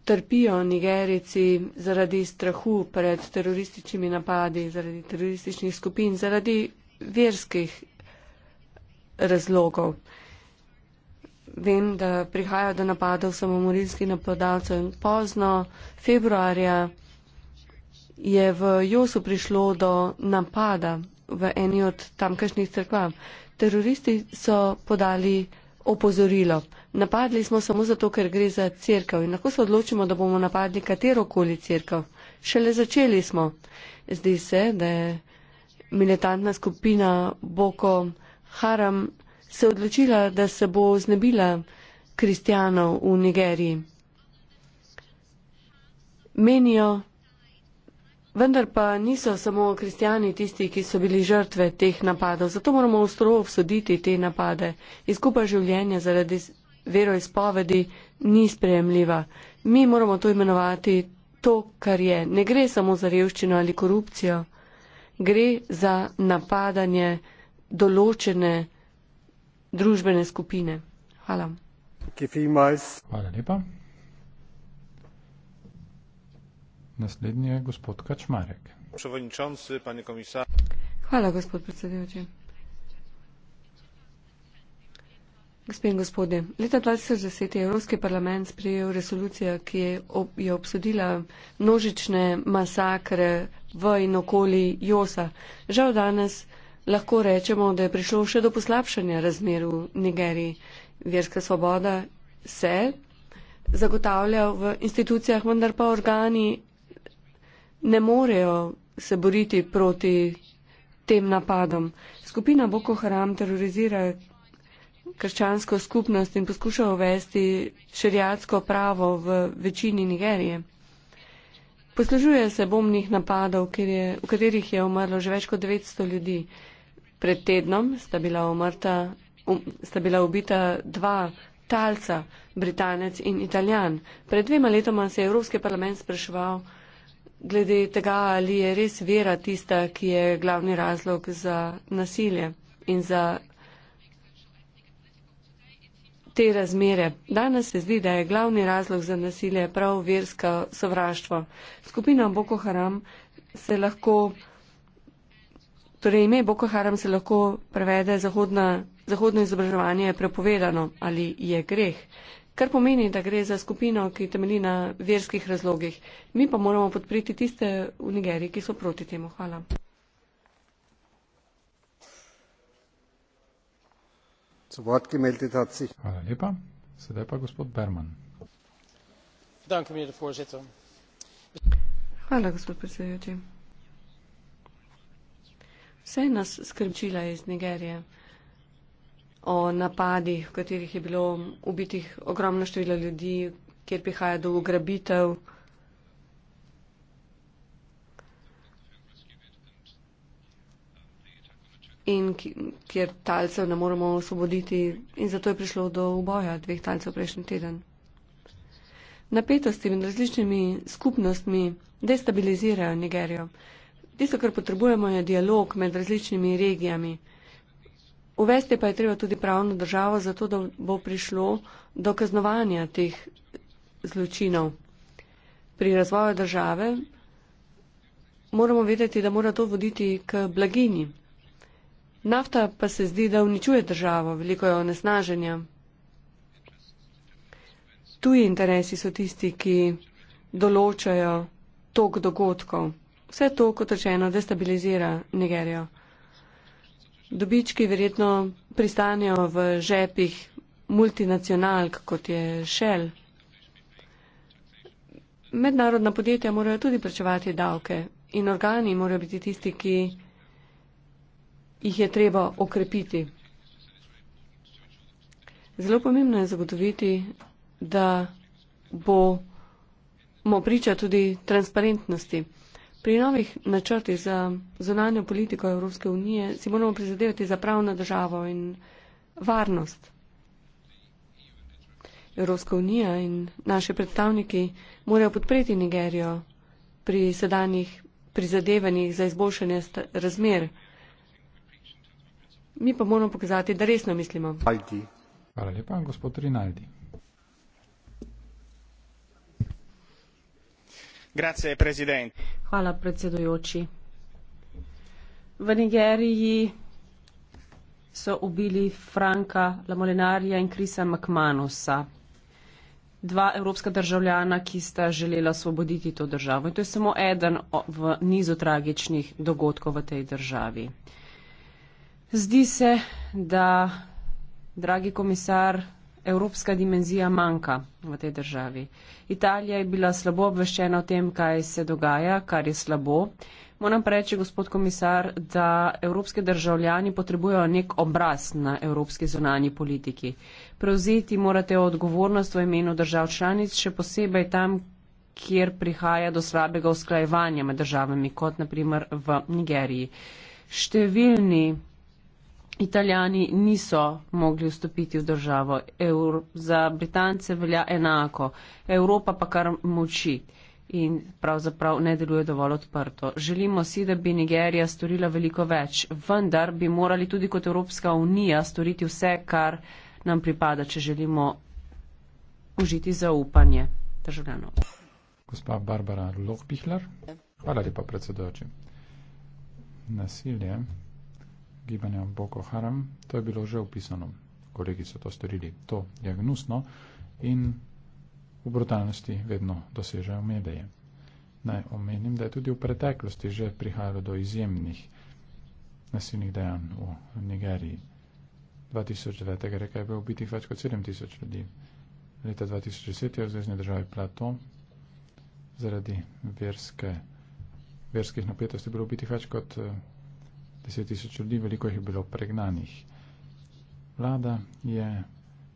trpijo Nigerici zaradi strahu pred terorističnimi napadi, zaradi terorističnih skupin, zaradi verskih razlogov. Vem, da prihajajo do napadov samomorilskih napadalcev in pozno februarja je v Josu prišlo do napada v eni od tamkajšnjih crkva teroristi so podali opozorilo. Napadli smo samo zato, ker gre za crkav in lahko se odločimo, da bomo napadli katerokoli crkav. Šele začeli smo. Zdi se, da je militantna skupina Boko Haram se odločila, da se bo znebila kristjanov v Nigeriji. Menijo, Vendar pa niso samo kristijani tisti, ki so bili žrtve teh napadov. Zato moramo ostro obsoditi te napade. Izguba življenja zaradi veroizpovedi ni sprejemljiva. Mi moramo to imenovati to, kar je. Ne gre samo za revščino ali korupcijo. Gre za napadanje določene družbene skupine. Hvala. Hvala lepa. Naslednji je gospod Kačmarek. Hvala, gospod predsedujoči. Gospe in gospode, leta 2010 je Evropski parlament sprejel resolucijo, ki je obsodila množične masakre v in okoli Josa. Žal danes lahko rečemo, da je prišlo še do poslabšanja razmer v Nigeriji. Verska svoboda se zagotavlja v institucijah, vendar pa organi ne morejo se boriti proti tem napadom. Skupina Boko Haram terorizira krščansko skupnost in poskuša uvesti šerijatsko pravo v večini Nigerije. Poslužuje se bombnih napadov, je, v katerih je umrlo že več kot 900 ljudi. Pred tednom sta bila, umrta, um, sta bila ubita dva talca, Britanec in Italijan. Pred dvema letoma se je Evropski parlament spraševal, glede tega, ali je res vera tista, ki je glavni razlog za nasilje in za te razmere. Danes se zdi, da je glavni razlog za nasilje prav verska sovraštvo. Skupina Boko Haram se lahko, torej ime Boko Haram se lahko prevede zahodna, zahodno izobraževanje je prepovedano ali je greh kar pomeni, da gre za skupino, ki temelji na verskih razlogih. Mi pa moramo podpreti tiste v Nigeriji, ki so proti temu. Hvala. Hvala lepa. Sedaj pa gospod Berman. Hvala, gospod predsedujoči. Vse nas skrbčila iz Nigerije o napadih, v katerih je bilo ubitih ogromno število ljudi, kjer prihaja do ugrabitev. In kjer talcev ne moremo osvoboditi, in zato je prišlo do uboja dveh talcev prejšnji teden. Napetosti med različnimi skupnostmi destabilizirajo Nigerijo. Tisto, kar potrebujemo, je dialog med različnimi regijami. Uvesti pa je treba tudi pravno državo, zato da bo prišlo do kaznovanja teh zločinov. Pri razvoju države moramo vedeti, da mora to voditi k blagini. Nafta pa se zdi, da uničuje državo, veliko je onesnaženja. Tuji interesi so tisti, ki določajo tok dogodkov. Vse to, kot rečeno, destabilizira Nigerijo dobički verjetno pristanejo v žepih multinacionalk, kot je Shell. Mednarodna podjetja morajo tudi plačevati davke in organi morajo biti tisti, ki jih je treba okrepiti. Zelo pomembno je zagotoviti, da bomo priča tudi transparentnosti. Pri novih načrtih za zunanjo politiko Evropske unije si moramo prizadevati za pravno državo in varnost. Evropska unija in naše predstavniki morajo podpreti Nigerijo pri sedanjih prizadevanjih za izboljšanje razmer. Mi pa moramo pokazati, da resno mislimo. Hvala lepa, gospod Rinaldi. hvala predsedujoči v nigeriji so ubili franka lamolinarja in krisa mcmanusa dva evropska državljana ki sta želela osvoboditi to državo in to je samo eden v nizu tragičnih dogodkov v tej državi zdi se da dragi komisar evropska dimenzija manjka v tej državi. Italija je bila slabo obveščena o tem, kaj se dogaja, kar je slabo. Moram reči, gospod komisar, da evropske državljani potrebujejo nek obraz na evropski zunanji politiki. Prevzeti morate odgovornost v imenu držav članic, še posebej tam, kjer prihaja do slabega usklajevanja med državami, kot naprimer v Nigeriji. Številni Italijani niso mogli vstopiti v državo. Euro, za Britance velja enako, Evropa pa kar moči in pravzaprav ne deluje dovolj odprto. Želimo si, da bi Nigerija storila veliko več, vendar bi morali tudi kot Evropska unija storiti vse, kar nam pripada, če želimo užiti zaupanje državljanov. Gospa Barbara Lohbihler. Hvala lepa, predsedujoči. Nasilje gibanja Boko Haram, to je bilo že opisano. Kolegi so to storili. To je gnusno in v brutalnosti vedno dosežejo medije. Naj omenim, da je tudi v preteklosti že prihajalo do izjemnih nasilnih dejanj v Nigeriji. 2009. reka je bilo ubitih več kot 7000 ljudi. Leta 2010 je v Zvezdni državi Plato zaradi verske, verskih napetosti bilo ubitih več kot eh, 10 tisoč ljudi, veliko jih je bilo pregnanih. Vlada je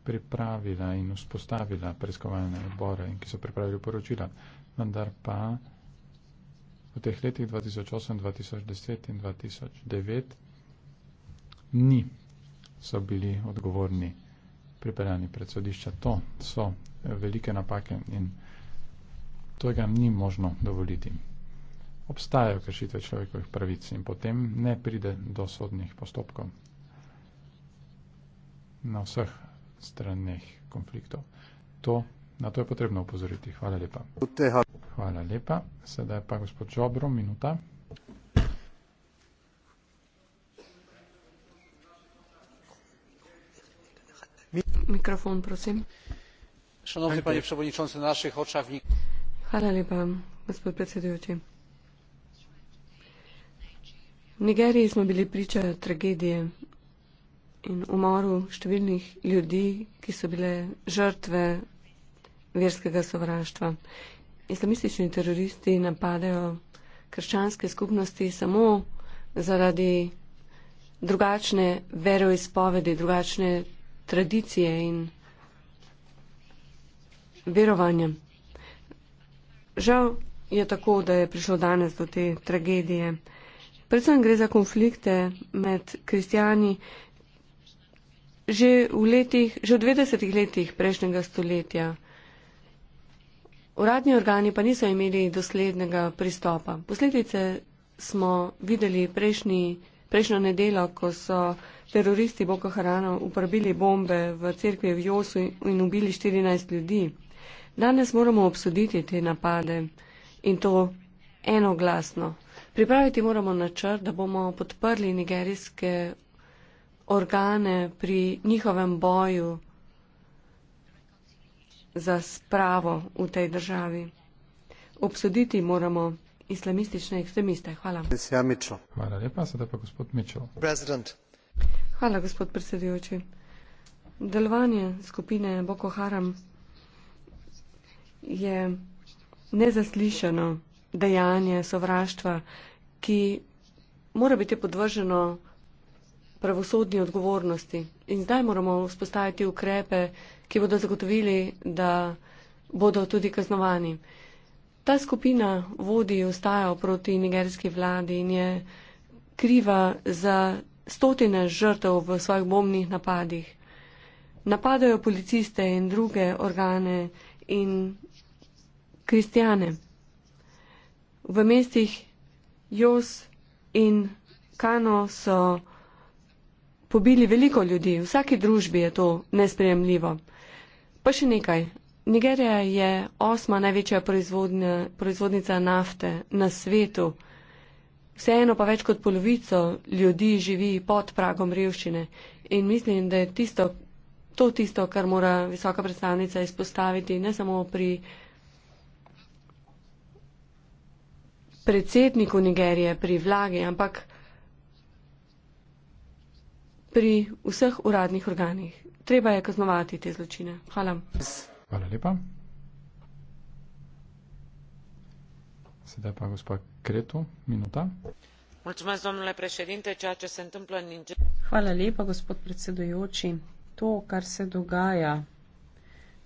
pripravila in vzpostavila preiskovalne odbore, ki so pripravili poročila, vendar pa v teh letih 2008, 2010 in 2009 ni so bili odgovorni pripeljani pred sodišča. To so velike napake in tega ni možno dovoliti obstajajo kršitve človekovih pravic in potem ne pride do sodnih postopkov na vseh straneh konfliktov. To, na to je potrebno upozoriti. Hvala lepa. Hvala lepa. Sedaj pa gospod Žobro, minuta. Mikrofon, prosim. Šanovni panje predsedujoči, v naših očah. Hvala lepa, gospod predsedujoči. V Nigeriji smo bili priča tragedije in umoru številnih ljudi, ki so bile žrtve verskega sovraštva. Islamistični teroristi napadajo krščanske skupnosti samo zaradi drugačne veroizpovedi, drugačne tradicije in verovanja. Žal je tako, da je prišlo danes do te tragedije. Predvsem gre za konflikte med kristijani že v letih, že v 20. letih prejšnjega stoletja. Uradni organi pa niso imeli doslednega pristopa. Posledice smo videli prejšnji, prejšnjo nedelo, ko so teroristi Boko Harano uporabili bombe v cerkvi v Josu in ubili 14 ljudi. Danes moramo obsoditi te napade in to enoglasno. Pripraviti moramo načrt, da bomo podprli nigerijske organe pri njihovem boju za spravo v tej državi. Obsoditi moramo islamistične ekstremiste. Hvala. Hvala lepa, sedaj pa gospod Mičel. Hvala, gospod predsedujoči. Delovanje skupine Boko Haram je nezaslišano dejanje sovraštva ki mora biti podvrženo pravosodni odgovornosti. In zdaj moramo vzpostaviti ukrepe, ki bodo zagotovili, da bodo tudi kaznovani. Ta skupina vodi ostajo proti nigerijski vladi in je kriva za stotine žrtev v svojih bombnih napadih. Napadajo policiste in druge organe in kristjane. V mestih Jos in Kano so pobili veliko ljudi. V vsaki družbi je to nespremljivo. Pa še nekaj. Nigerija je osma največja proizvodnica nafte na svetu. Vseeno pa več kot polovico ljudi živi pod pragom revščine. In mislim, da je tisto, to tisto, kar mora visoka predstavnica izpostaviti ne samo pri predsedniku Nigerije, pri vlagi, ampak pri vseh uradnih organih. Treba je kaznovati te zločine. Hvala. Hvala lepa. Sedaj pa gospod Kreto, minuta. Hvala lepa, gospod predsedujoči. To, kar se dogaja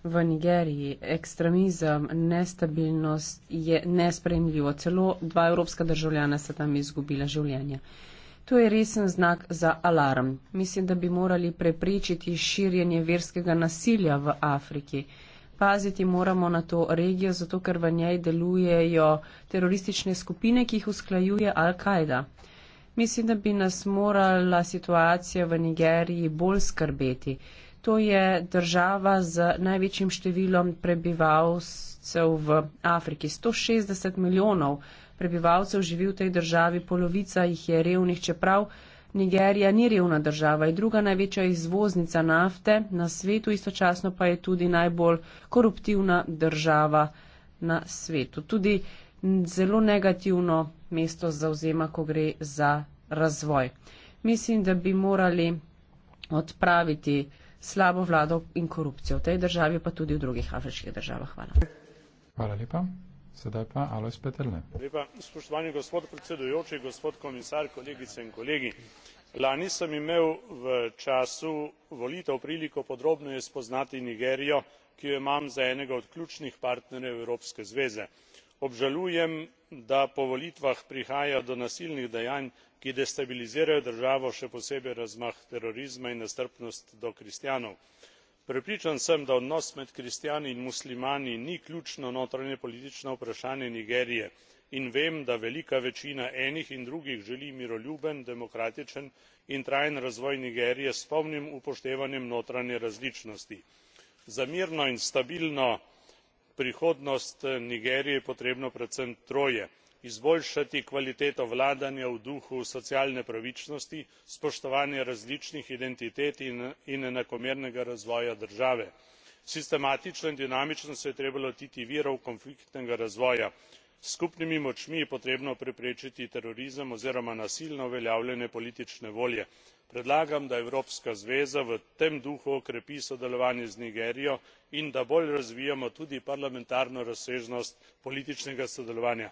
v Nigeriji. Ekstremizem, nestabilnost je nespremljivo. Celo dva evropska državljana sta tam izgubila življenje. To je resen znak za alarm. Mislim, da bi morali prepričiti širjenje verskega nasilja v Afriki. Paziti moramo na to regijo, zato ker v njej delujejo teroristične skupine, ki jih usklajuje Al-Kaida. Mislim, da bi nas morala situacija v Nigeriji bolj skrbeti. To je država z največjim številom prebivalcev v Afriki. 160 milijonov prebivalcev živi v tej državi, polovica jih je revnih, čeprav Nigerija ni revna država, je druga največja izvoznica nafte na svetu, istočasno pa je tudi najbolj koruptivna država na svetu. Tudi zelo negativno mesto zauzema, ko gre za razvoj. Mislim, da bi morali odpraviti slabo vlado in korupcijo v tej državi, pa tudi v drugih afriških državah. Hvala. Hvala lepa. Sedaj pa Alois Petrle. Lepa. Spoštovani gospod predsedujoči, gospod komisar, kolegice in kolegi. Lani sem imel v času volitev priliko podrobno je spoznati Nigerijo, ki jo imam za enega od ključnih partnerjev Evropske zveze. Obžalujem, da po volitvah prihaja do nasilnih dejanj ki destabilizirajo državo še posebej razmah terorizma in nestrpnost do kristjanov. prepričan sem da odnos med kristjani in muslimani ni ključno notranjepolitično vprašanje nigerije in vem da velika večina enih in drugih želi miroljuben demokratičen in trajen razvoj nigerije s polnim upoštevanjem notranje različnosti. za mirno in stabilno prihodnost eh, nigerije je potrebno predvsem troje izboljšati kvaliteto vladanja v duhu socialne pravičnosti spoštovanja različnih identitet in enakomernega razvoja države. sistematično in dinamično se je treba lotiti virov konfliktnega razvoja. s skupnimi močmi je potrebno preprečiti terorizem oziroma nasilno uveljavljanje politične volje. predlagam da evropska zveza v tem duhu okrepi sodelovanje z nigerijo in da bolj razvijamo tudi parlamentarno razsežnost političnega sodelovanja.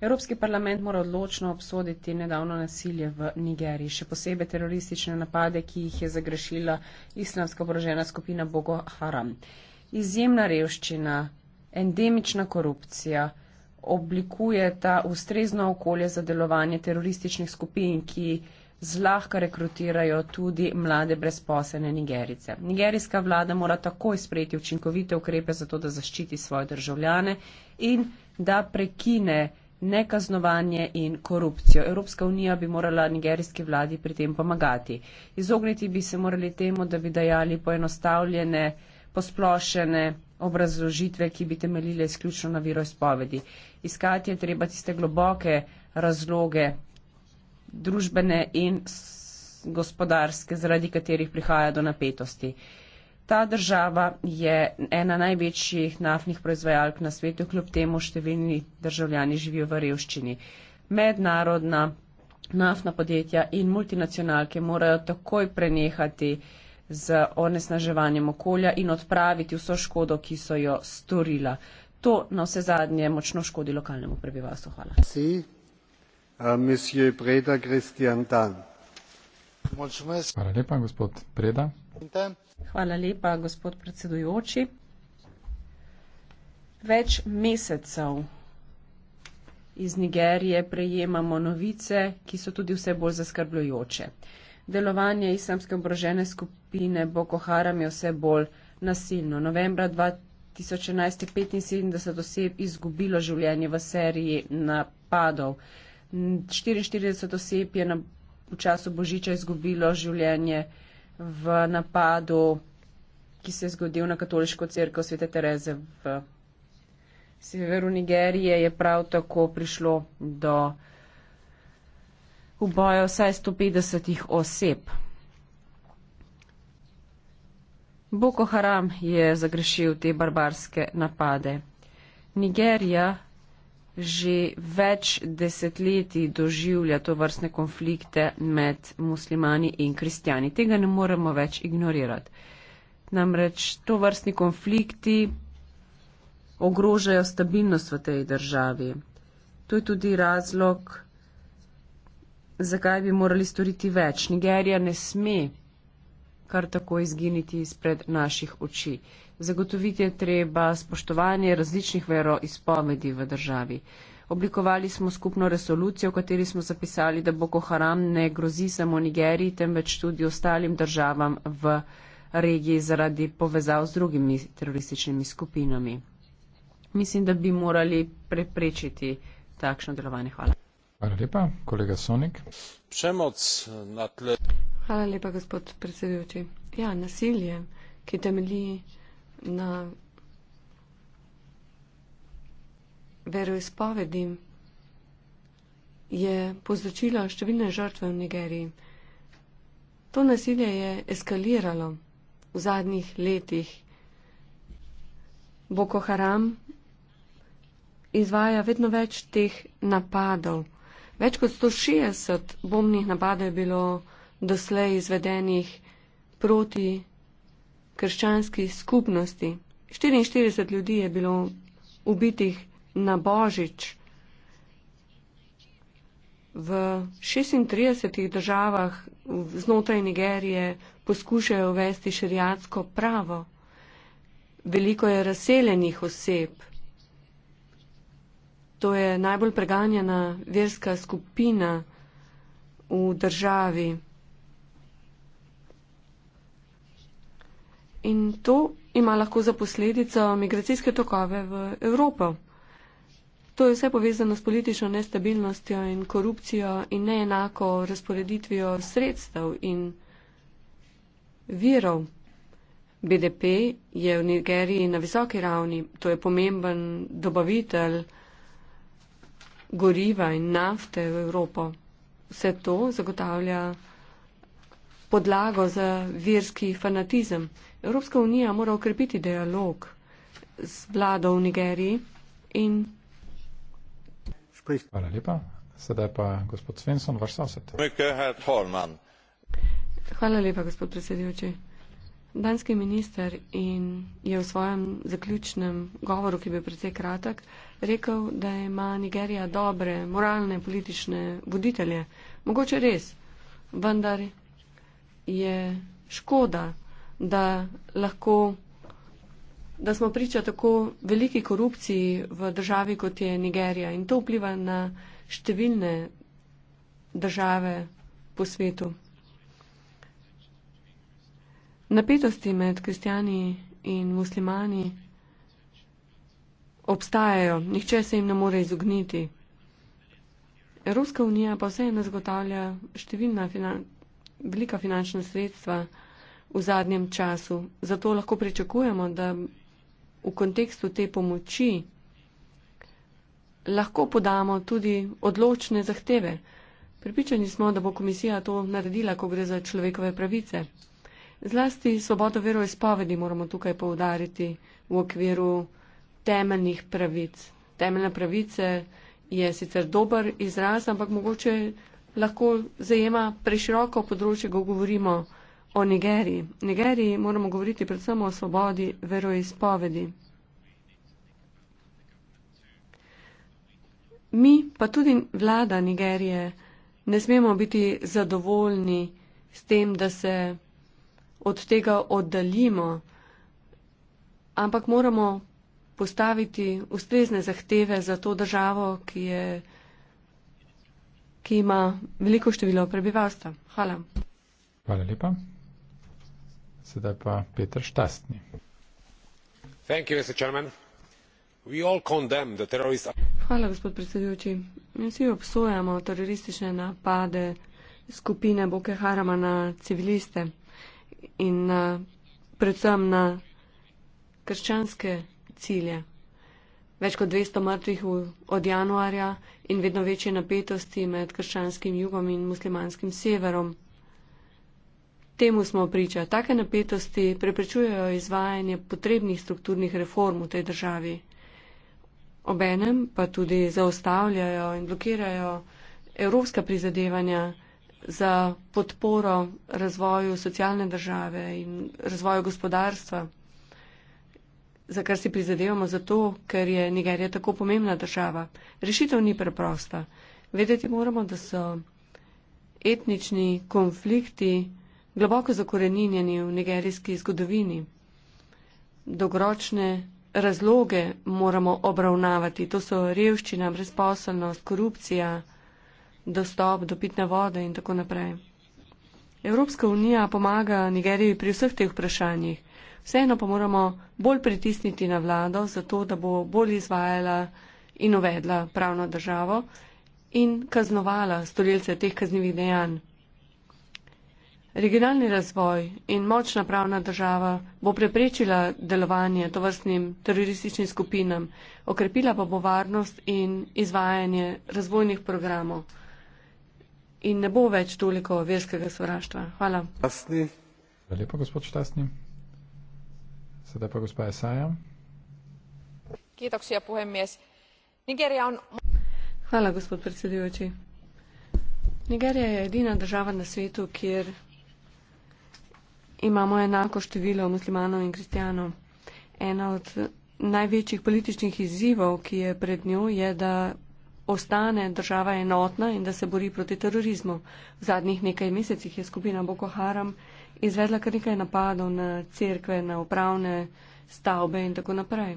Evropski parlament mora odločno obsoditi nedavno nasilje v Nigeriji, še posebej teroristične napade, ki jih je zagrešila islamska oborožena skupina Boko Haram. Izjemna revščina, endemična korupcija oblikuje ta ustrezno okolje za delovanje terorističnih skupin, ki zlahka rekrutirajo tudi mlade brezposene Nigerice. Nigerijska vlada mora takoj sprejeti učinkovite ukrepe za to, da zaščiti svoje državljane in da prekine nekaznovanje in korupcijo. Evropska unija bi morala nigerijski vladi pri tem pomagati. Izogniti bi se morali temu, da bi dajali poenostavljene, posplošene obrazložitve, ki bi temeljile izključno na viroizpovedi. Iskati je treba tiste globoke razloge družbene in gospodarske, zaradi katerih prihaja do napetosti. Uh, Ta država je ena največjih naftnih proizvajalk na svetu, kljub temu številni državljani živijo v revščini. Mednarodna naftna podjetja in multinacionalke morajo takoj prenehati z onesnaževanjem okolja in odpraviti vso škodo, ki so jo storila. To na vse zadnje močno škodi lokalnemu prebivalstvu. Hvala. Si, uh, Preda, Hvala lepa, gospod Preda. Hvala lepa, gospod predsedujoči. Več mesecev iz Nigerije prejemamo novice, ki so tudi vse bolj zaskrbljujoče. Delovanje islamske obrožene skupine Boko Haram je vse bolj nasilno. Novembra 2011 je 75 oseb izgubilo življenje v seriji napadov. 44 oseb je na, v času Božiča izgubilo življenje v v napadu, ki se je zgodil na katoliško crkvo Svete Tereze v severu Nigerije, je prav tako prišlo do uboja vsaj 150 oseb. Boko Haram je zagrešil te barbarske napade. Nigerija že več desetletij doživlja to vrstne konflikte med muslimani in kristjani. Tega ne moremo več ignorirati. Namreč to vrstni konflikti ogrožajo stabilnost v tej državi. To je tudi razlog, zakaj bi morali storiti več. Nigerija ne sme kar tako izginiti izpred naših oči. Zagotoviti je treba spoštovanje različnih veroizpovedi v državi. Oblikovali smo skupno resolucijo, v kateri smo zapisali, da Boko Haram ne grozi samo Nigeriji, temveč tudi ostalim državam v regiji zaradi povezav z drugimi terorističnimi skupinami. Mislim, da bi morali preprečiti takšno delovanje. Hvala. Hvala lepa, kolega Sonik. Premoc na tle. Hvala lepa, gospod predsedujoči. Ja, nasilje, ki temelji na veroizpovedi je povzročila številne žrtve v Nigeriji. To nasilje je eskaliralo v zadnjih letih. Boko Haram izvaja vedno več teh napadov. Več kot 160 bombnih napadov je bilo doslej izvedenih proti krščanski skupnosti. 44 ljudi je bilo ubitih na božič. V 36 državah znotraj Nigerije poskušajo uvesti šariatsko pravo. Veliko je razseljenih oseb. To je najbolj preganjena verska skupina v državi. In to ima lahko za posledico migracijske tokove v Evropo. To je vse povezano s politično nestabilnostjo in korupcijo in neenako razporeditvijo sredstev in virov. BDP je v Nigeriji na visoki ravni, to je pomemben dobavitelj goriva in nafte v Evropo. Vse to zagotavlja podlago za verski fanatizem. Evropska unija mora ukrepiti dialog z vlado v Nigeriji in. Hvala lepa. Sedaj pa gospod Svensson, vaš sosed. Hvala lepa, gospod predsedujoči. Danski minister je v svojem zaključnem govoru, ki bi bil precej kratek, rekel, da ima Nigerija dobre moralne politične voditelje. Mogoče res, vendar je škoda, da lahko, da smo priča tako veliki korupciji v državi, kot je Nigerija in to vpliva na številne države po svetu. Napetosti med kristijani in muslimani obstajajo, nihče se jim ne more izogniti. Evropska unija pa vseeno zagotavlja številna finančna velika finančna sredstva v zadnjem času. Zato lahko pričakujemo, da v kontekstu te pomoči lahko podamo tudi odločne zahteve. Pripričani smo, da bo komisija to naredila, ko gre za človekove pravice. Zlasti svobodo veroizpovedi moramo tukaj poudariti v okviru temeljnih pravic. Temeljne pravice je sicer dober izraz, ampak mogoče lahko zajema preširoko področje, ko govorimo o Nigeriji. V Nigeriji moramo govoriti predvsem o svobodi veroizpovedi. Mi, pa tudi vlada Nigerije, ne smemo biti zadovoljni s tem, da se od tega oddaljimo, ampak moramo postaviti ustrezne zahteve za to državo, ki je ki ima veliko število prebivalstva. Hvala. Hvala lepa. Sedaj pa Petr Štastni. Hvala, gospod predsedujoči. Vsi obsojamo teroristične napade skupine Boke Harama na civiliste in na, predvsem na krščanske cilje več kot 200 mrtvih od januarja in vedno večje napetosti med krščanskim jugom in muslimanskim severom. Temu smo priča. Take napetosti preprečujejo izvajanje potrebnih strukturnih reform v tej državi. Obenem pa tudi zaostavljajo in blokirajo evropska prizadevanja za podporo razvoju socialne države in razvoju gospodarstva za kar si prizadevamo, zato ker je Nigerija tako pomembna država. Rešitev ni preprosta. Vedeti moramo, da so etnični konflikti globoko zakoreninjeni v nigerijski zgodovini. Dogročne razloge moramo obravnavati. To so revščina, brezposelnost, korupcija, dostop do pitne vode in tako naprej. Evropska unija pomaga Nigeriji pri vseh teh vprašanjih vseeno pa moramo bolj pritisniti na vlado, zato da bo bolj izvajala in uvedla pravno državo in kaznovala storilce teh kaznjivih dejanj. Regionalni razvoj in močna pravna država bo preprečila delovanje tovrstnim terorističnim skupinam, okrepila pa bo varnost in izvajanje razvojnih programov in ne bo več toliko verskega sovraštva. Hvala. Hvala lepa, gospod Štasni. Hvala, gospod predsedujoči. Nigerija je edina država na svetu, kjer imamo enako število muslimanov in kristijanov. Ena od največjih političnih izzivov, ki je pred njo, je, da ostane država enotna in da se bori proti terorizmu. V zadnjih nekaj mesecih je skupina Boko Haram izvedla kar nekaj napadov na cerkve, na upravne stavbe in tako naprej.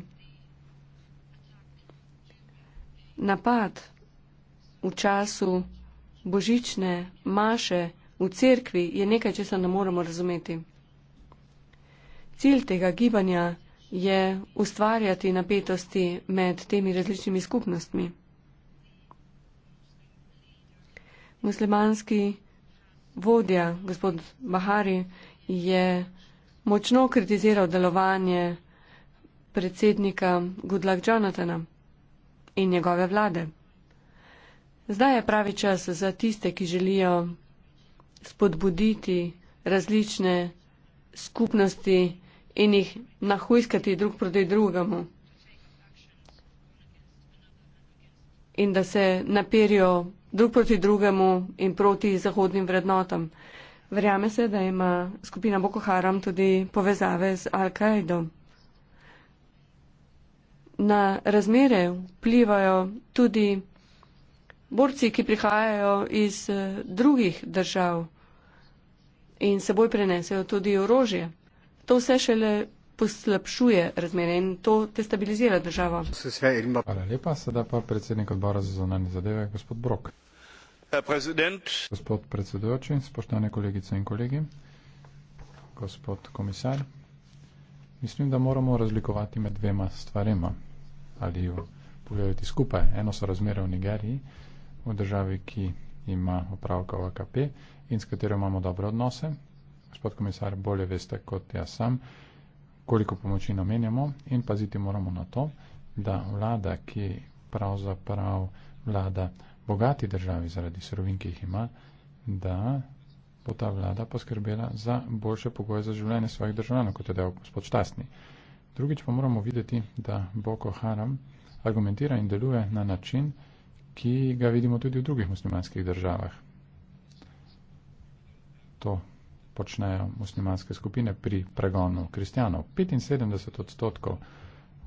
Napad v času božične maše v cerkvi je nekaj, če se ne moramo razumeti. Cilj tega gibanja je ustvarjati napetosti med temi različnimi skupnostmi. Muslimanski vodja, gospod Bahari, je močno kritiziral delovanje predsednika Goodluck Jonathana in njegove vlade. Zdaj je pravi čas za tiste, ki želijo spodbuditi različne skupnosti in jih nahujskati drug proti drugemu. In da se naperijo drug proti drugemu in proti zahodnim vrednotam. Verjame se, da ima skupina Boko Haram tudi povezave z Al-Kaido. Na razmere vplivajo tudi borci, ki prihajajo iz eh, drugih držav in seboj prenesejo tudi orožje. To vse šele poslabšuje razmere in to destabilizira državo. Hvala lepa, sedaj pa predsednik odbora za zunanje zadeve, gospod Brok. Gospod predsedujoči, spoštovane kolegice in kolegi, gospod komisar, mislim, da moramo razlikovati med dvema stvarema ali jo pogledati skupaj. Eno so razmere v Nigeriji, v državi, ki ima opravka v AKP in s katero imamo dobre odnose. Gospod komisar, bolje veste kot jaz sam, koliko pomoči namenjamo in paziti moramo na to, da vlada, ki pravzaprav vlada, bogati državi zaradi surovin, ki jih ima, da bo ta vlada poskrbela za boljše pogoje za življenje svojih državljanov, kot je dejal gospod Štastni. Drugič pa moramo videti, da Boko Haram argumentira in deluje na način, ki ga vidimo tudi v drugih muslimanskih državah. To počnejo muslimanske skupine pri pregonu kristjanov. 75 odstotkov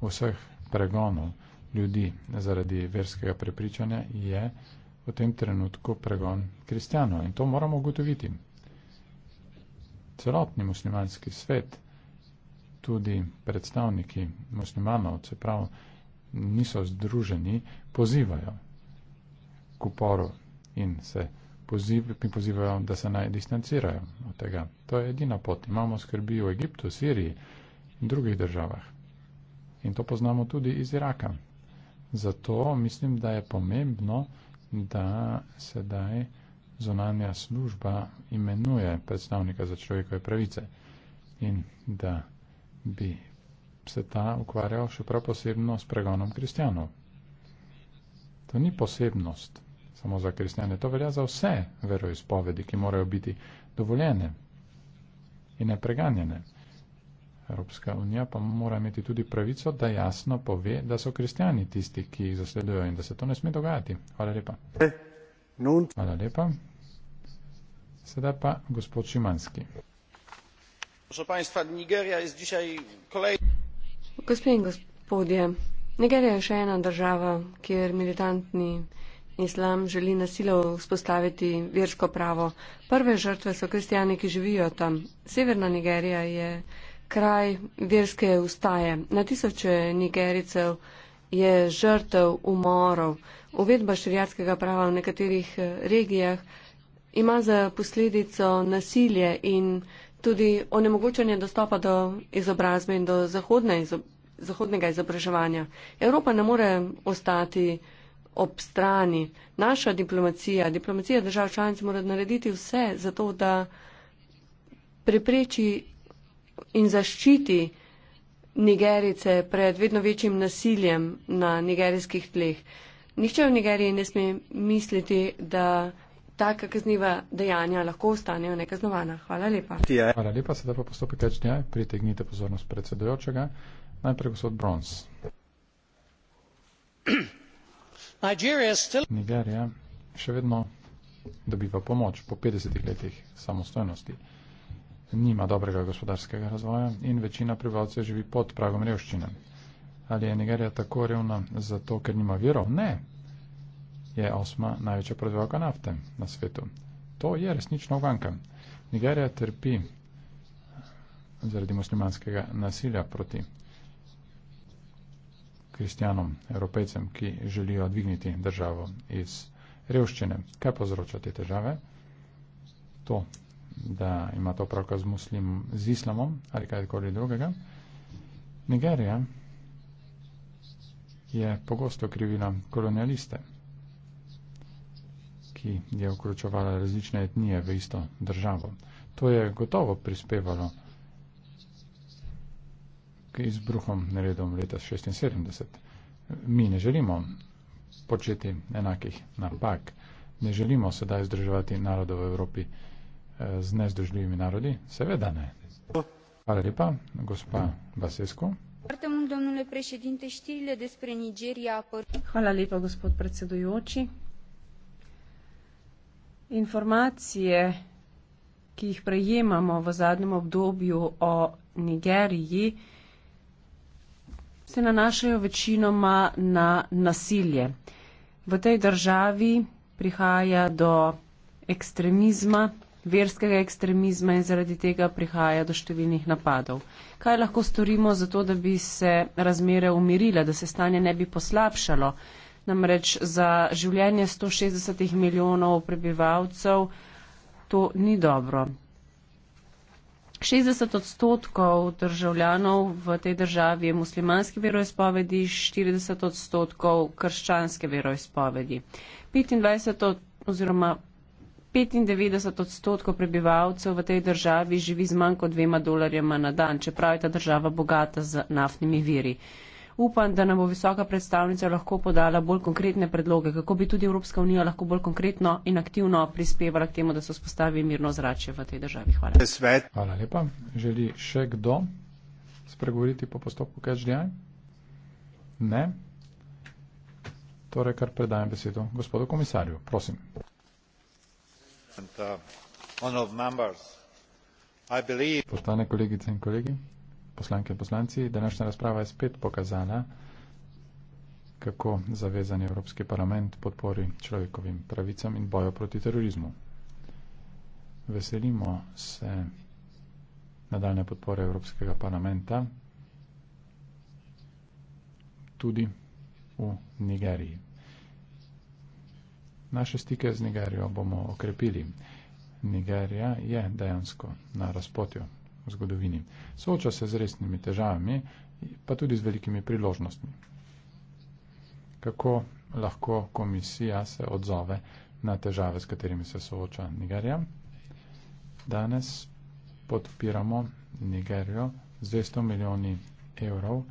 vseh pregonov ljudi zaradi verskega prepričanja je v tem trenutku pregon kristjanov. In to moramo ugotoviti. Celotni muslimanski svet, tudi predstavniki muslimanov, čeprav niso združeni, pozivajo k uporu in se poziv, pozivajo, da se naj distancirajo od tega. To je edina pot. Imamo skrbi v Egiptu, Siriji in drugih državah. In to poznamo tudi iz Iraka. Zato mislim, da je pomembno, da sedaj zonanja služba imenuje predstavnika za človekove pravice in da bi se ta ukvarjal še prav posebno s pregonom kristjanov. To ni posebnost samo za kristjane, to velja za vse veroizpovedi, ki morajo biti dovoljene in ne preganjene. Evropska unija pa mora imeti tudi pravico, da jasno pove, da so kristijani tisti, ki jih zasledujejo in da se to ne sme dogajati. Hvala lepa. Eh, Hvala lepa. Sedaj pa gospod Šimanski. Gospe in gospodje, Nigerija je še ena država, kjer militantni islam želi nasilov vzpostaviti versko pravo. Prve žrtve so kristijani, ki živijo tam. Severna Nigerija je kraj verske ustaje. Na tisoče nigericev je žrtev umorov. Uvedba širijatskega prava v nekaterih eh, regijah ima za posledico nasilje in tudi onemogočanje dostopa do izobrazbe in do zahodne izobrazbe. Zahodnega izobraževanja. Evropa ne more ostati ob strani. Naša diplomacija, diplomacija držav članic mora narediti vse za to, da prepreči in zaščiti Nigerice pred vedno večjim nasiljem na nigerijskih tleh. Nihče v Nigeriji ne sme misliti, da taka kazniva dejanja lahko ostanejo nekaznovana. Hvala lepa. Hvala lepa, sedaj pa postopek začne. Pritegnite pozornost predsedojočega. Najprej gospod Brons. *clears throat* Nigerija še vedno dobiva pomoč po 50 letih samostojnosti nima dobrega gospodarskega razvoja in večina prebivalcev živi pod pragom revščine. Ali je Nigerija tako revna zato, ker nima virov? Ne. Je osma največja proizvodka nafte na svetu. To je resnično uganka. Nigerija trpi zaradi muslimanskega nasilja proti kristjanom, evropejcem, ki želijo dvigniti državo iz revščine. Kaj povzroča te težave? To, da ima to opravka z muslim, z islamom ali kajkoli drugega. Nigerija je pogosto krivila kolonialiste, ki je vključovala različne etnije v isto državo. To je gotovo prispevalo k izbruhom neredom leta 76. Mi ne želimo početi enakih napak. Ne želimo sedaj združevati narodov v Evropi z nezdružljivimi narodi? Seveda ne. Hvala lepa, gospa Basesko. Hvala lepa, gospod predsedujoči. Informacije, ki jih prejemamo v zadnjem obdobju o Nigeriji, se nanašajo večinoma na nasilje. V tej državi prihaja do ekstremizma, verskega ekstremizma in zaradi tega prihaja do številnih napadov. Kaj lahko storimo za to, da bi se razmere umirile, da se stanje ne bi poslabšalo? Namreč za življenje 160 milijonov prebivalcev to ni dobro. 60 odstotkov državljanov v tej državi je muslimanske veroizpovedi, 40 odstotkov krščanske veroizpovedi. 25 oziroma 95 odstotkov prebivalcev v tej državi živi z manj kot dvema dolarjema na dan, čeprav je ta država bogata z naftnimi viri. Upam, da nam bo visoka predstavnica lahko podala bolj konkretne predloge, kako bi tudi Evropska unija lahko bolj konkretno in aktivno prispevala k temu, da se vzpostavi mirno zrače v tej državi. Hvala. Hvala lepa. Želi še kdo spregovoriti po postopku KHDI? Ne. Torej, kar predajam besedo gospodu komisarju. Prosim. Uh, Poštovane kolegice in kolegi, poslanke in poslanci, današnja razprava je spet pokazala, kako zavezan je Evropski parlament podpori človekovim pravicam in boju proti terorizmu. Veselimo se nadaljne podpore Evropskega parlamenta tudi v Nigeriji. Naše stike z Nigerijo bomo okrepili. Nigerija je dejansko na razpotju v zgodovini. Sooča se z resnimi težavami, pa tudi z velikimi priložnostmi. Kako lahko komisija se odzove na težave, s katerimi se sooča Nigerija? Danes podpiramo Nigerijo z 200 milijoni evrov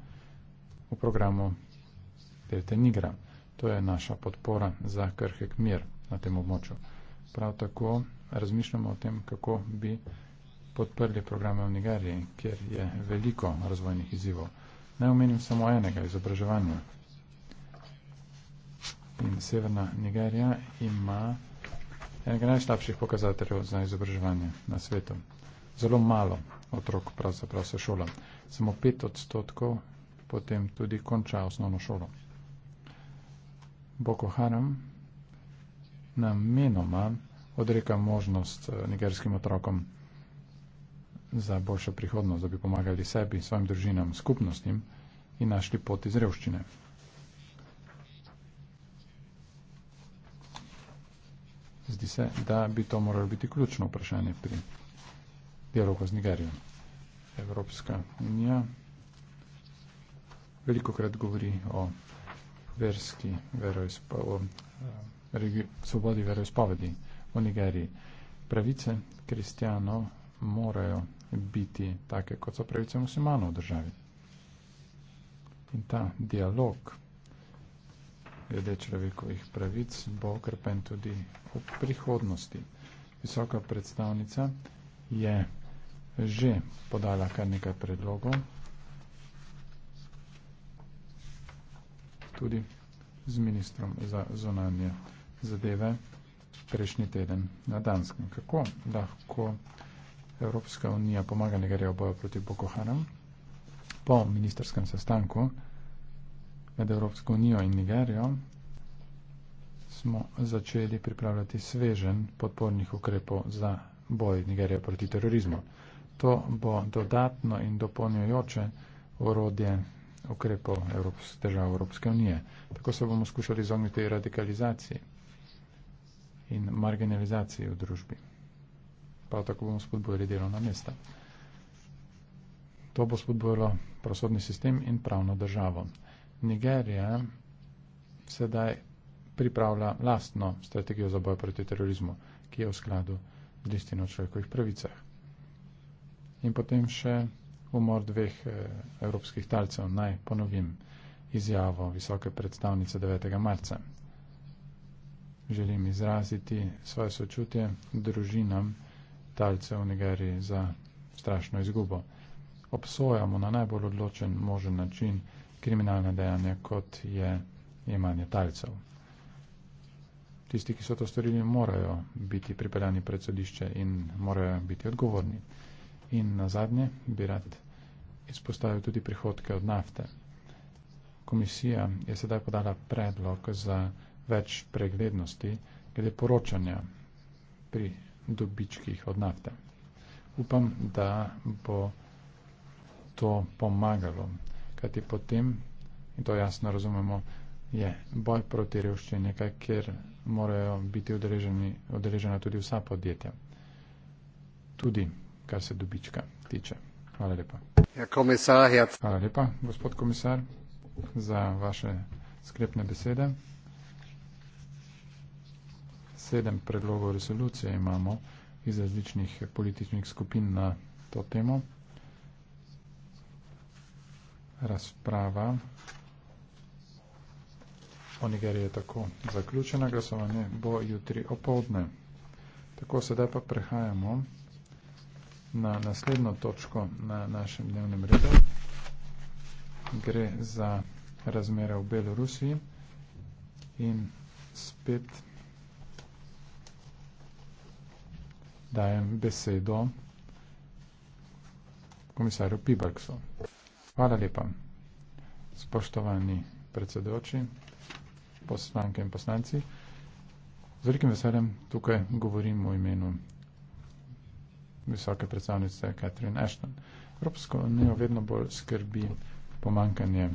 v programu Delta Nigra. To je naša podpora za krhek mir na tem območju. Prav tako razmišljamo o tem, kako bi podprli programe v Nigeriji, kjer je veliko razvojnih izzivov. Naj omenim samo enega izobraževanja. In severna Nigerija ima enega najslabših pokazateljev za izobraževanje na svetu. Zelo malo otrok pravzaprav se šola. Samo pet odstotkov potem tudi konča osnovno šolo. Boko Haram namenoma odreka možnost eh, nigerskim otrokom za boljšo prihodnost, da bi pomagali sebi, svojim družinam, skupnostim in našli pot iz revščine. Zdi se, da bi to moralo biti ključno vprašanje pri dialogu z Nigerijo. Evropska unija veliko krat govori o verski veroizpovedi, eh, svobodi veroizpovedi v Nigeriji. Pravice kristijanov morajo biti take, kot so pravice muslimanov v državi. In ta dialog glede človekovih pravic bo okrepen tudi v prihodnosti. Visoka predstavnica je že podala kar nekaj predlogov, tudi z ministrom za zonanje zadeve prejšnji teden na Danskem. Kako lahko Evropska unija pomaga Nigerijo v boju proti Boko Haram? Po ministerskem sestanku med Evropsko unijo in Nigerijo smo začeli pripravljati svežen podpornih ukrepov za boj Nigerije proti terorizmu. To bo dodatno in dopolnjujoče orodje ukrepov Evrops, držav Evropske unije. Tako se bomo skušali izogniti radikalizaciji in marginalizaciji v družbi. Pa tako bomo spodbojili delovna mesta. To bo spodbojilo prosodni sistem in pravno državo. Nigerija sedaj pripravlja lastno strategijo za boj proti terorizmu, ki je v skladu z listino o človekovih pravicah. In potem še umor dveh eh, evropskih talcev. Naj ponovim izjavo visoke predstavnice 9. marca. Želim izraziti svoje sočutje družinam talcev v Nigeriji za strašno izgubo. Obsojamo na najbolj odločen možen način kriminalne dejanja, kot je imanje talcev. Tisti, ki so to storili, morajo biti pripeljani pred sodišče in morajo biti odgovorni. In na zadnje bi rad izpostavil tudi prihodke od nafte. Komisija je sedaj podala predlog za več preglednosti glede poročanja pri dobičkih od nafte. Upam, da bo to pomagalo, kajti potem, in to jasno razumemo, je boj proti revščini nekaj, kjer morajo biti odrežena tudi vsa podjetja, tudi kar se dobička tiče. Hvala lepa. Ja, komisar, ja. Hvala lepa, gospod komisar, za vaše sklepne besede. Sedem predlogov resolucije imamo iz različnih političnih skupin na to temo. Razprava o Nigeriji je tako zaključena, glasovanje bo jutri opoldne. Tako sedaj pa prehajamo na naslednjo točko na našem dnevnem redu. Gre za razmere v Belorusiji in spet dajem besedo komisarju Pibarksu. Hvala lepa, spoštovani predsedujoči, poslanke in poslanci. Z velikim veseljem tukaj govorim v imenu visoke predstavnice Catherine Ashton. Evropsko unijo vedno bolj skrbi pomankanje